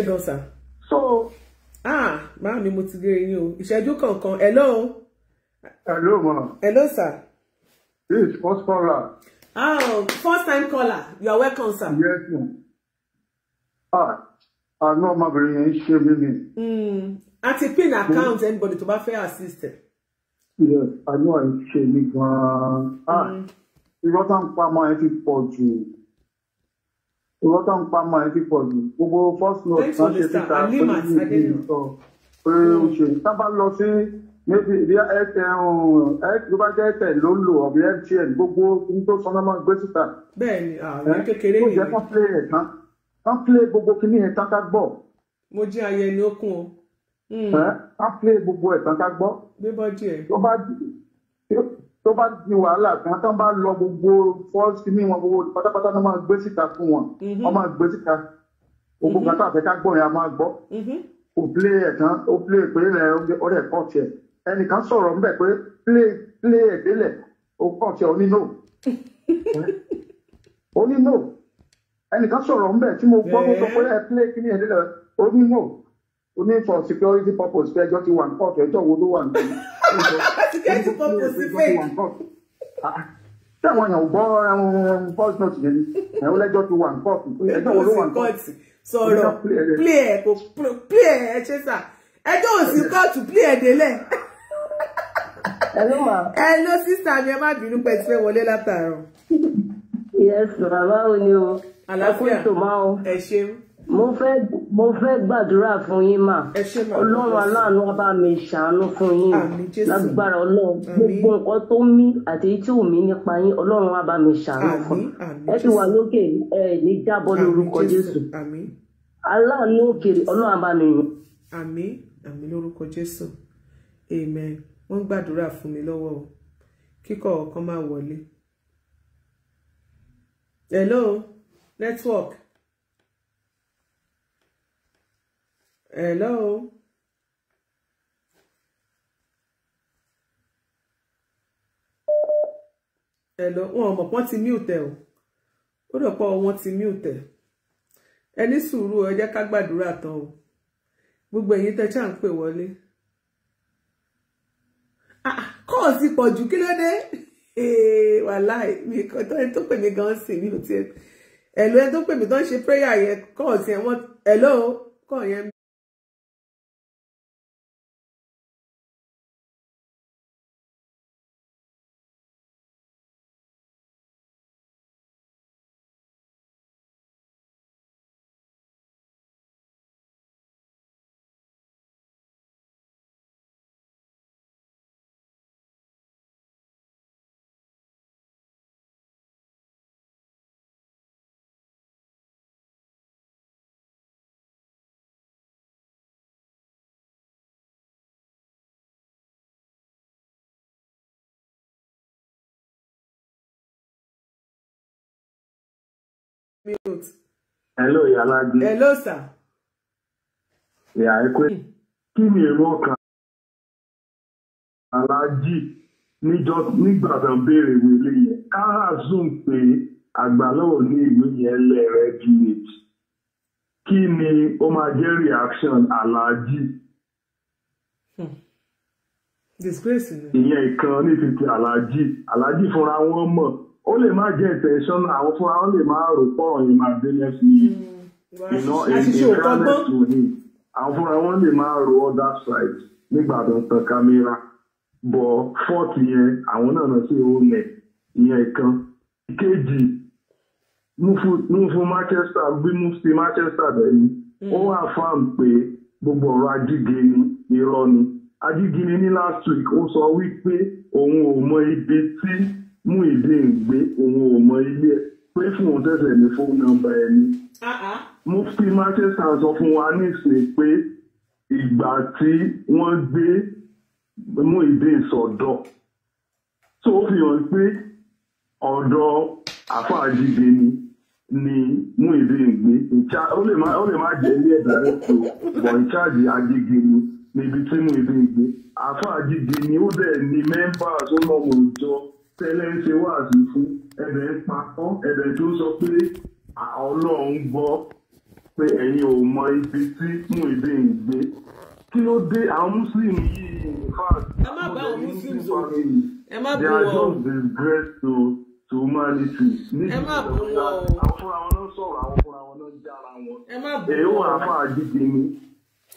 kẹ́ mo so. ah máa mi mo ti rí yín o ìṣẹ́jú kọ̀ọ̀kan hello. hello ma. hello sir. this first caller. Ah, oh first time caller you are welcome sir. yes ma'am. ah àná ọmọbìnrin yẹn ń ṣe mí At hmm. a pin account anybody to bá fẹ́ assist yes I know ṣe mí gan-an. ah hmm. irọ́ tá ń pa ọmọ yẹn ti pọ̀ jù ìwọ́n tó ń pa mọ́ ẹ ti pọ̀ jù gbogbo first note kan ṣe síta pé ní ìdí sọ pé o ṣe tá bá lọ sí níbi ìdí ẹtẹ ló bá jẹ́ ẹtẹ ló ń lò ọ̀bí mtn gbogbo ní tó sọ náà gbé síta. bẹ́ẹ̀ni àwọn eh, kékeré nìyẹn. ó jẹ́ kán play ẹ̀ tán kán play gbogbo kinní yẹn tán ká gbọ́. mo jẹ́ ayẹni okun o. Hmm. Eh, kán play gbogbo ẹ̀ tán ká gbọ́. gbé bọ́ díẹ̀. tó bá di wàhálà gan tán bá lọ gbogbo fọ́ọ̀sì ní wọn gbogbo pátápátá ló máa gbé síta fún wọn mm-hmm. wọn máa gbé síta gbogbo kan tàbí ká gbọ́ yẹn máa gbọ́ mm-hmm. plé ẹ̀ ó plé rẹ̀ kọ́ ẹnìkan sọ̀rọ̀ ńbẹ̀ pé plé plé ẹ̀ ó kọ́ sọ̀rọ̀ Security purpose fake. Táwọn èèyàn ò gbọ́ ara wọn pọ́s náà ti yẹn ni, ẹ̀hún lẹ́jọ́ ti wà ní pọ́ọ̀tù, ẹjọ́ wo ló wà ní pọ́ọ̀tù? Sọ̀rọ̀ kò plé ẹ̀ sà, ẹjọ́ ò sí kóòtù plé Ẹ ló sísà ni ẹ má bínú pẹ̀ tí fẹ́ wọlé látàárọ̀. Yes, bàbá ò ní o. Àlàáfíà ẹ ṣeun mo fẹ́ mo fẹ́ gbàdúrà fún yín mà ọlọ́run aláàánú á bá mi ṣàánú fún yín lágbára ọlọ́run gbogbo nǹkan tó mí àti tí ò mí nípa yín ọlọ́run á bá mi ṣàánú fún ẹ ti wà lókè ẹ ní jábọ́ lórúkọ jésù aláàánú òkèrè ọlọ́run á bá mi yìn. àmín àmín lórúkọ jésù amen wọ́n ń gbàdúrà fún mi lọ́wọ́ o kíkọ́ ọ̀kan máa wọlé. hello network. Hello. Hello. Wọn mọ̀ pọ́n ti mute o. Ó rò pọ̀ wọn ti mute. Ẹ ní sùúrù ẹ jẹ́ ká gbàdúrà tán o. Gbogbo ẹ̀yin tẹ́ ṣáà ń pè wọlé. Kọ́ọ̀sì ah, ah, pọ̀ jù kí ló dé? Wàláì mi kọ́ tó pè mí gan-an sí mi ò tiẹ̀. Hello ẹ tó pè mí tó ń ṣe prayer yẹn kọ́ọ̀sì ẹ̀ wọ́n hello kọ́ọ̀ yẹn. mute. hello yalaji. hello sir. Yeah, ẹ pé kí ni èrò ọkàn aláàjì nígbà tó ń béèrè wílé yẹn kára zoom pé àgbàlá ò ní ìwé yẹn lẹrẹ gh kí ni ó máa jẹ́ reaction aláàjì. Hmm ìyẹn ìkan ní ti ti aláàjì aláàjì fúnra wọn mọ̀ ó lè má jẹ́ ìtẹ̀sán àwọn fúnra ó lè má rò pọ̀ ọ̀yìn máa dé lẹ́sìn yìí iná ìrẹ́lẹ̀ tó ní àwọn fúnra wọn lè má rò other side nígbà tó ń tan kámẹ́rà bọ̀ fọ́ọ̀tì yẹn àwọn náà náà sì ó nẹ̀ ìyẹn kan ìkejì nufu Manchester bí mufti Manchester bẹ̀ ni hmm. ó wà fáwọn pé gbogbo ọ̀rọ̀ ajíge ni irọ́ ni ajíge ni last week ó sọ wípé òun ò mọ ibi tí tí mò ń tẹ̀sẹ̀ ní fóònù nọ́mbà ẹni. Uh-huh. mufti matesa sọ fún wa nísìnyí pé ìgbà tí wọ́n gbé Muyideen sọ́dọ̀ tó fi hàn pé ọ̀dọ̀ àfàjìgbé ni ni Muyideen gbé ó lè má jẹ́ ilé ẹ̀dá rẹ̀ tó bọ̀ ìcháàjì Agége ni níbi tí Muyideen gbé àfàjìgbé ni ó dẹ̀ ni mẹ́mbà tó lọ́wọ́ ìjọ tẹ́lẹ̀ ń ṣe wáàsí fún ẹbẹ̀ ń pa ọ́ tó sọ pé ọlọ́run gbọ́ pé ẹ̀yin ò mọ ibi tí mú ibi ń gbé kí ló dé àwọn muslim yìí ẹ má bá àwọn muslim sọ̀rọ̀ ẹ má bú wọn they are just disgrace to to humanity ẹ má bú wọn àwọn fúnra wọn náà sọ̀rọ̀ àwọn fúnra wọn náà jára wọn èèwọ̀ àfa àdìgbì ni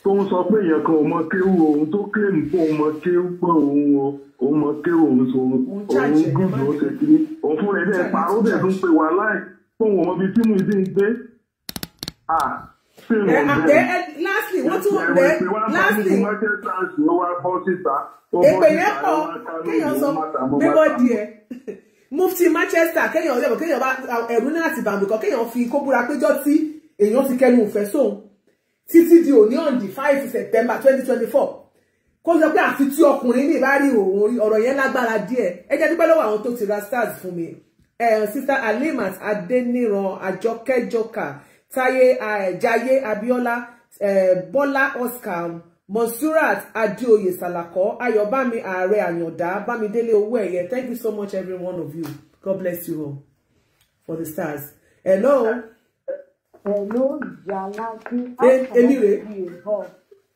tó ń sọ pé èèyàn kan ò kéwú òun tó kílèmù pé òun mọ kéwú pé òun o òun mọ kéwú òun so òun gúdù ó ṣe kiri òun fún rẹ̀ dẹ̀ ó dẹ̀ tún pé wà láì fóun ọmọ bíi tí mo ti ń gbé à ṣé wọn bẹ́ẹ̀ lastly wọ́n tún wọ́n bẹ́ẹ̀ lastly ló wá bọ́ síta ó bọ́ síta ló wá kánú ìwọ́n mátàmú Manchester kéèyàn lẹ́bọ̀ kéèyàn bá ẹ̀rú náà ti bàmùkọ́ kéèyàn fi kó búra péjọ́ tí èèyàn ti kẹnu òfẹ́ sóun títí di òní on five september twenty twenty four kó sọ pé àfi tí ọkùnrin ní ìbá rí òun ọ̀rọ̀ yẹn lágbára díẹ̀ ẹ dúpẹ́ lọ́wọ́ àwọn tó ti ra stars fún mi Sister alimat adeniran àjọkẹ́jọkà táyé jayé abiola Bola oscar monsurat adioye salako Ayobami ààrẹ àyàndá bámidélé owó ẹ̀yẹ thank you so much every one of you god bless you all for the stars hello. Hello, Jalaki. Èmi rè.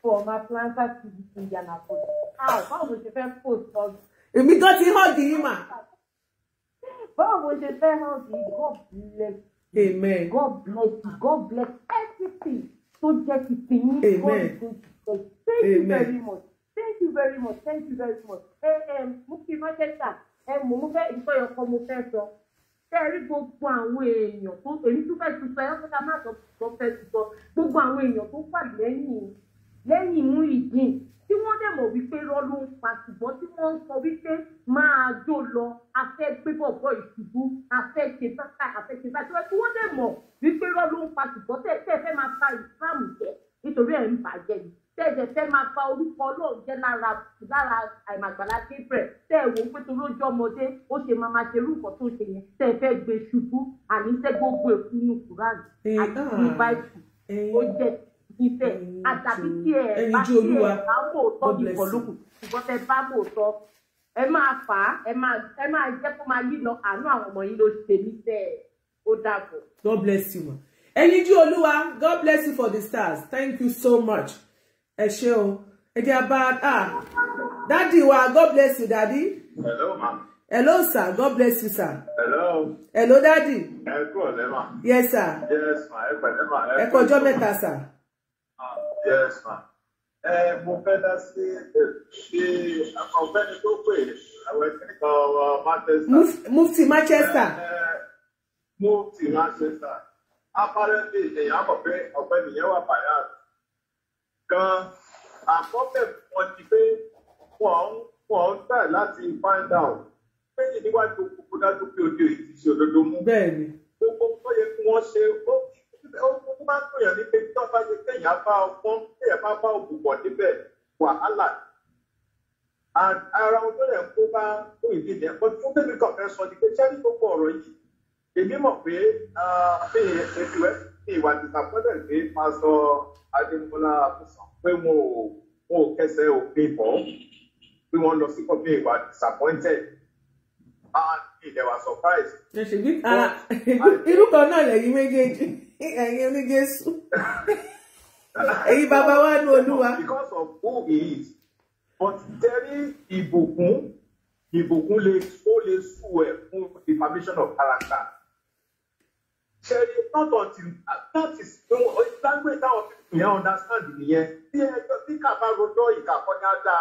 For my planter TV in Janapo. How? how would you first post ọ̀gbìn? Èmi tó ti hàn dì í mà. Báwo mo ṣe fẹ́ God bless Amen. God bless God bless everything So jẹ́ ti ti Amen. Thank you very much. Thank you very much. Thank you very much. Ẹ ẹ mú kí Májẹ́ta ẹ mọ̀ mo fẹ́ ìfọyọ̀kọ mo rí gbogbo àwọn èèyàn tó èmi tún fẹ́ ti sọ ẹ́ fẹ́ ká má sọ sọ fẹ́ ti sọ gbogbo àwọn èèyàn tó wà lẹ́yìn lẹ́yìn Muyideen tí wọ́n dẹ̀ mọ̀ wípé rọ́lú ń pa ṣùgbọ́n tí wọ́n ń sọ wípé máa jó lọ afẹ́ gbé bọ̀bọ̀ ìṣubú afẹ́ ṣe bákà afẹ́ ṣe bákà tí wọ́n dẹ̀ mọ̀ wípé rọ́lú ń pa ṣùgbọ́n tẹ́ fẹ́ máa pa ìsìlámù jẹ́ nítorí ẹ̀ ń bàjẹ́ yìí tẹ̀jẹ̀ fẹ́ máa fa orúkọ ọlọ́run jẹ́ lára lára àìmàgbàlá gabriel tẹ̀ wò ó pé tó ló jẹ́ ó ṣe máa máa ṣe irú nǹkan tó ṣe yẹn tẹ̀ fẹ́ gbé ṣubú àní tẹ́ gbogbo èkú nù kúránì àti ní ah, báyìí ó jẹ́ ìfẹ́ àtàbí tí ẹ bá tí ẹ bá mò tọ́ ìkọ̀ lókù ṣùgbọ́n tẹ bá mò tọ́ ẹ máa fà á ẹ máa jẹ́ kó máa yí lọ àánú àwọn ọmọ yín ló ṣe ní bẹ́ẹ̀ ó dàbọ̀. God bless you ma. Ẹnijú Olúwa, God bless you for the stars. Thank you so much ẹ ṣé o ẹ jẹ́ bá a dádì wa god bless you dádì. hello ma. hello sir god bless you sir. hello. hello dádì. ẹ kú ọ̀lẹ́ ma. yes sir. yes ma ẹ pẹ̀lẹ́ ma. ẹ kọjọ́ mẹ́ta sir. Ah, yes ma. ẹ mo fẹ́ dá sí ṣe ọ̀gbẹ́ni tó pè àwọn ẹ̀kẹ́kọ̀ọ́ uh, manchester. mufti manchester. mufti manchester apparently èèyàn mọ̀ pé ọ̀gbẹ́ni yẹn wà bàyà gan àkọ́bẹ̀ wọn ti pé wọ́n wọ́n ń tà láti find out méjì níwájú gbogbo dájú pé òde òyìn ti ṣe òdodo mú. bẹ́ẹ̀ni. gbogbo tó yẹ kí wọ́n ṣe ó ó máa ń tòyàn níbi tí wọ́n bá yẹ kéèyàn bá ọgbọ́n kéèyàn bá bá òbúbọ̀ níbẹ̀ wàhálà ara ohun tó lè kó bá fún ìdíje ẹ̀kọ́ tó tẹ̀lé kọ̀ọ̀kan sọ ni pé sẹ́ni gbogbo ọ̀rọ̀ yìí èmi mọ̀ pé ìwé ah, mi wà disappointed pé pásítọ̀ Adémọ́lá Akúsàn pé mo ò kẹsẹ̀ òfin bọ̀ pé wọ́n lọ sí kọ́ mi wà disappointed and ilẹ̀ wà surprise. ṣèbí irú kan náà lẹ́yìn méjèèjì ẹ̀yin oníjésù ẹ̀yin bàbá wa ní olúwa. because of who he is but tẹ́rí ìbùkún ìbùkún lè ó lè sùn ẹ̀ fún the permission of character ṣẹ̀rí not until that is language táwọn fífi yẹn understand nìyẹn bí ẹjọ́ bí kàbá rojọ́ ìkàkọ́ni ada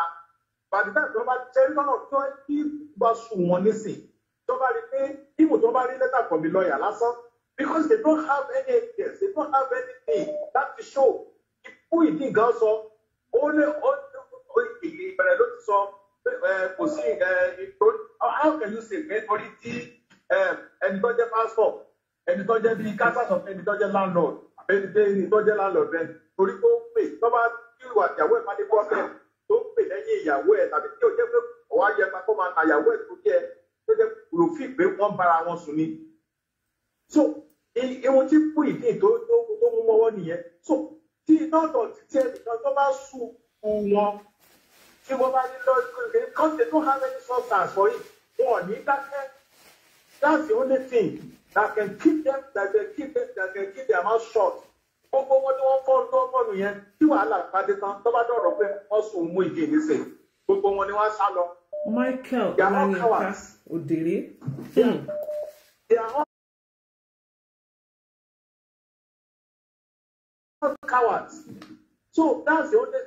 bàdìbà tó bá ṣẹ̀rí lọ́nà tó kí wá sùn wọn nísìn tó bá rí pé ibò tó bá rí lẹ́tà kọ̀ mí lọ́ọ̀yà lásán because they don't have any evidence they don't have anything that to show ikú ìdí gan sọ ó lé ó ìpìlẹ̀ ìbẹ̀rẹ̀ ló ti sọ kò sí how can you say pé orí tí ẹnì kan jẹ́ pastor ẹni tó jẹ́ bíi kásáàsán ẹni tó jẹ́ landlord àbẹ́ni tó ẹni tó landlord rẹ torí tó pè tó kíru àyàwó ẹ̀ máa ní problem tó pè lẹ́yìn ìyàwó ẹ̀ tàbí tí ò jẹ́ pé ọ̀wá yẹ kó máa àyàwó ẹ̀ tó jẹ́ tó jẹ́ ròfin pé wọ́n bára wọn sùn ni. so ìwọ̀n tí kú ìdí tó tó mú mọ́wọ́ nìyẹn so tí iná ọ̀dọ̀ títí ẹnìkan tó bá sùn wọn tí wọ́n bá ní lọ kọ́ńtẹ̀ tó hàn any substance for it wọn ò ní dákẹ́ that's the only thing that can keep them that can keep them that can keep their mouth shut gbogbo wọn ni wọn fọ tó fọnù yẹn tí wàhálà pàdé tán tó dọ̀rọ̀ pé wọn sùn mú igi nísìn gbogbo wọn ni wọn sá lọ. Michael Olanka Odere. they are hmm. cowards so that's the only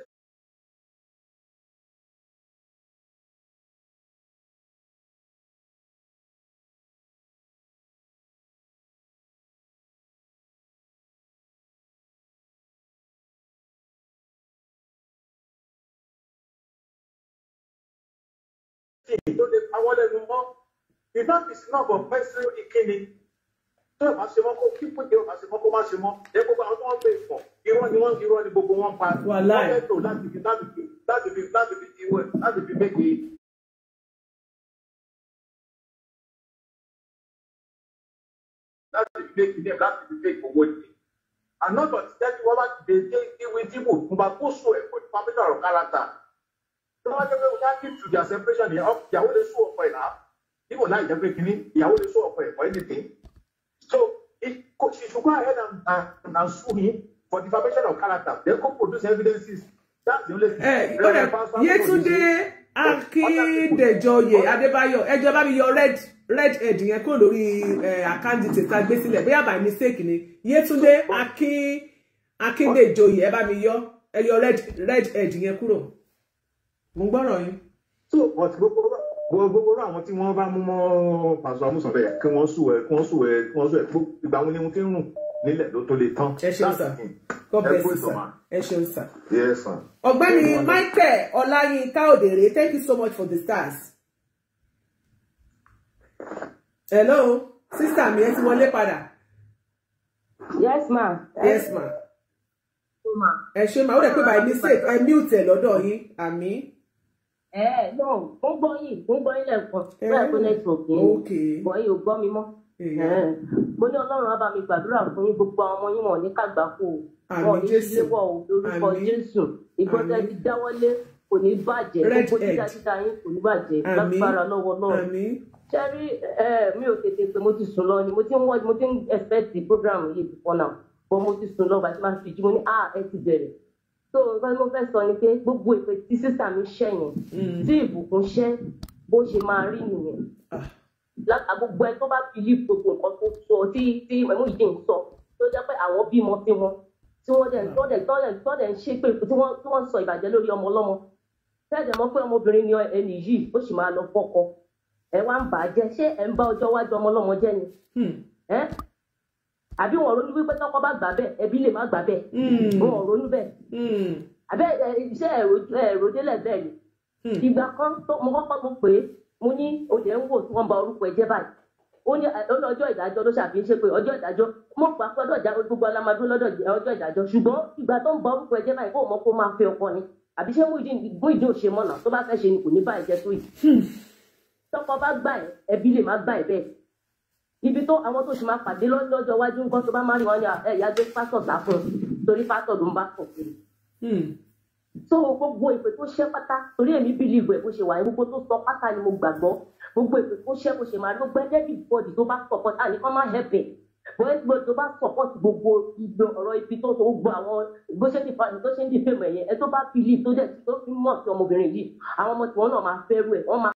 kìí tó lè pawọ́ lẹ́nu mọ́ ìbáàbí sí náà bọ̀ pẹ́ sí ìkíni tó ẹ̀ bá ṣe mọ́ kó kí pé ìjọba bá ṣe mọ́ kó má ṣe mọ́ ẹ gbogbo àwọn tó wọ́n gbé ìfọ̀ irọ́ ni wọ́n irọ́ ni gbogbo wọn pa wọ́n lẹ́tò láti fi láti fi láti fi ìwẹ̀ láti fi méje láti fi méje ní ẹ̀ láti fi méje owó yìí àná ti tẹ́tí wọ́n bá ti dé dé ìwé dìbò fún bá kó so ẹ̀kọ́ ìpamẹ́tàrọ̀ kárata tó bá jẹ́ pé wọ́n keep to their separation ìyàwó lè sún ọkọ ẹ̀ náà níbo láì jẹ́ pé kínní ìyàwó lè sún ọkọ ẹ̀ for anything so she should go ahead and, and, and sue him for defamation of character they go produce evidences that's the only thing. Eh, ẹ kọ́dà Yétúndé Akíndéjọyè Adébáyọ̀ ẹjọ́ mi yọ red red head yẹn kúrò lórí àkáǹtì eh, tètè gbé sílẹ̀ bóyá by mistake ni Yétúndé Akíndéjọyè ẹ bá mi yọ ẹ yọ red head yẹn kúrò mo gbọ́rọ̀ yín. so but gbogbo àwọn tí wọ́n bá mú mọ́ pàṣẹ àmúṣàn bẹ́ẹ̀ kí wọ́n sùn ẹ̀ kí wọ́n sùn ẹ̀ kí wọ́n sùn ẹ̀ ìgbà wọn ni wọ́n ti rùn nílẹ̀ ló tó lè tán. ẹ ṣeun sà god bless you sir ẹ ṣeun sà. ọ̀gbẹ́ni michael ọláyínká òdèrè thank you so much for the stars. hello sísà mi ẹ ti wọlé padà. yes ma. yes ma. ẹ ṣe ma ó rẹ̀ pé by mistake ẹ mute ẹ lọ́dọ̀ yín àmì ẹ no ó gbọ́ yìí ó gbọ́ yìí lẹ́ẹ̀kan bẹ́ẹ̀ kó network yẹn gbọ́ yìí ó gbọ́ mi mọ́ mo ní ọlọ́run á bá mi gbàdúrà fún yín gbogbo àwọn ọmọ yín wọn ní kàgbákò wọn ní ìléwọ̀ lórúkọ jésù ìgbọ́dọ̀ ti dáwọ́lé kò ní bàjẹ́ gbogbo títà títà yín kò ní bàjẹ́ lágbára lọ́wọ́ náà sẹ́rí mi ò tètè pé mo ti sùn lọ ni mo ti ń wọ́n mo ti ń expect the program yìí before now but mo ti sùn lọ bàtí máa fi jí mo ní ah ẹ ti bẹ̀rẹ̀ so nǹkan tí mo fẹ́ sọ ni pé gbogbo ìpè tí sísà mi ṣẹ̀ yẹn mm. tí ìbùkún ṣẹ́ bó ṣe máa rí nìyẹn ah. láta gbogbo ẹ tó bá fi lé gbogbo nǹkan tó sọ tí tí ẹ̀mú yìí ń sọ tó jẹ́ pé àwọn bímọ sí wọn tí wọ́n dẹ̀ tọ́dẹ̀ tọ́dẹ̀ tọ́dẹ̀ ń ṣe pé tí wọ́n tí wọ́n sọ ìbàjẹ́ lórí ọmọ ọlọ́mọ tẹ́ẹ̀dẹ̀ mọ̀ pé ọmọbìnrin ni ẹni yìí ó sì máa lọ fọ́kọ ẹ wá ń bà ṣé ẹ ń bá ọjọ́ iwájú ọmọ ọlọ́mọ jẹ́ ni hmm àbí wọn ronú wípé tọkọ bá gbà bẹ́ẹ̀ ẹbí lè má gbà bẹ́ẹ̀ hmm. wọn ronú bẹ́ẹ̀ hmm. àbẹ iṣẹ́ ẹ̀rọ délẹ̀ bẹ́ẹ̀ ni hmm. ìgbà kan tó mo kọ́kọ́ mo pè é mo ní olè ń wò tí wọ́n ba orúkọ ẹ jẹ́ báyìí ó ní ọjọ́ ìdájọ́ ló ṣàfihàn ṣe pé ọjọ́ ìdájọ́ mo pa pẹ́lú ọjà gbogbo alamadó lọ́dọ̀ ọjọ́ ìdájọ́ ṣùgbọ́n ìgbà tó ń ba orúkọ ẹ jẹ́ báyìí kó mọ kó máa fẹ́ ọkọ ni àbí ṣé mú ìdí òṣèmọ̀nà tó bá fẹ́ ṣe ni kò ní báyìí jẹ́ tó yìí tọkọ bá gbà ẹ ẹbí lè má gbà ẹ bẹ́ẹ̀ ibi tó àwọn tó sì máa pàdé lọ́jọ́ iwájú nǹkan tó bá máa rí wọn yà ẹ̀ yá gbé pásọ̀ sá fún un torí pásọ̀ ló ń bá pọ̀ kiri. tó hmm. gbogbo ìpè tó ṣẹ́ pátá torí èmi bìlíìbù ẹ̀ bó ṣe wà ẹ̀ gbogbo tó sọ pátá ni mo gbàgbọ́ gbogbo ìpè tó ṣẹ́ bó ṣe máa ló gbẹ́ dẹ́bì bọ́ọ̀dì tó bá sọ̀pọ̀ tá àníkàn máa hẹ̀pẹ̀ bó tó bá sọ̀pọ̀tì gbogbo ibi ọ̀rọ̀ ibi tó tó gbọ́ àwọn bó ṣe ti fa tó ṣe ń di fèmọ̀ ẹ̀yẹ ẹ tó bá fi lì tó dẹ̀ tó fi mọ̀ sí ọmọbìnrin yìí àwọn ọmọ tí wọ́n náà máa fẹ́rù ẹ̀ wọ́n máa.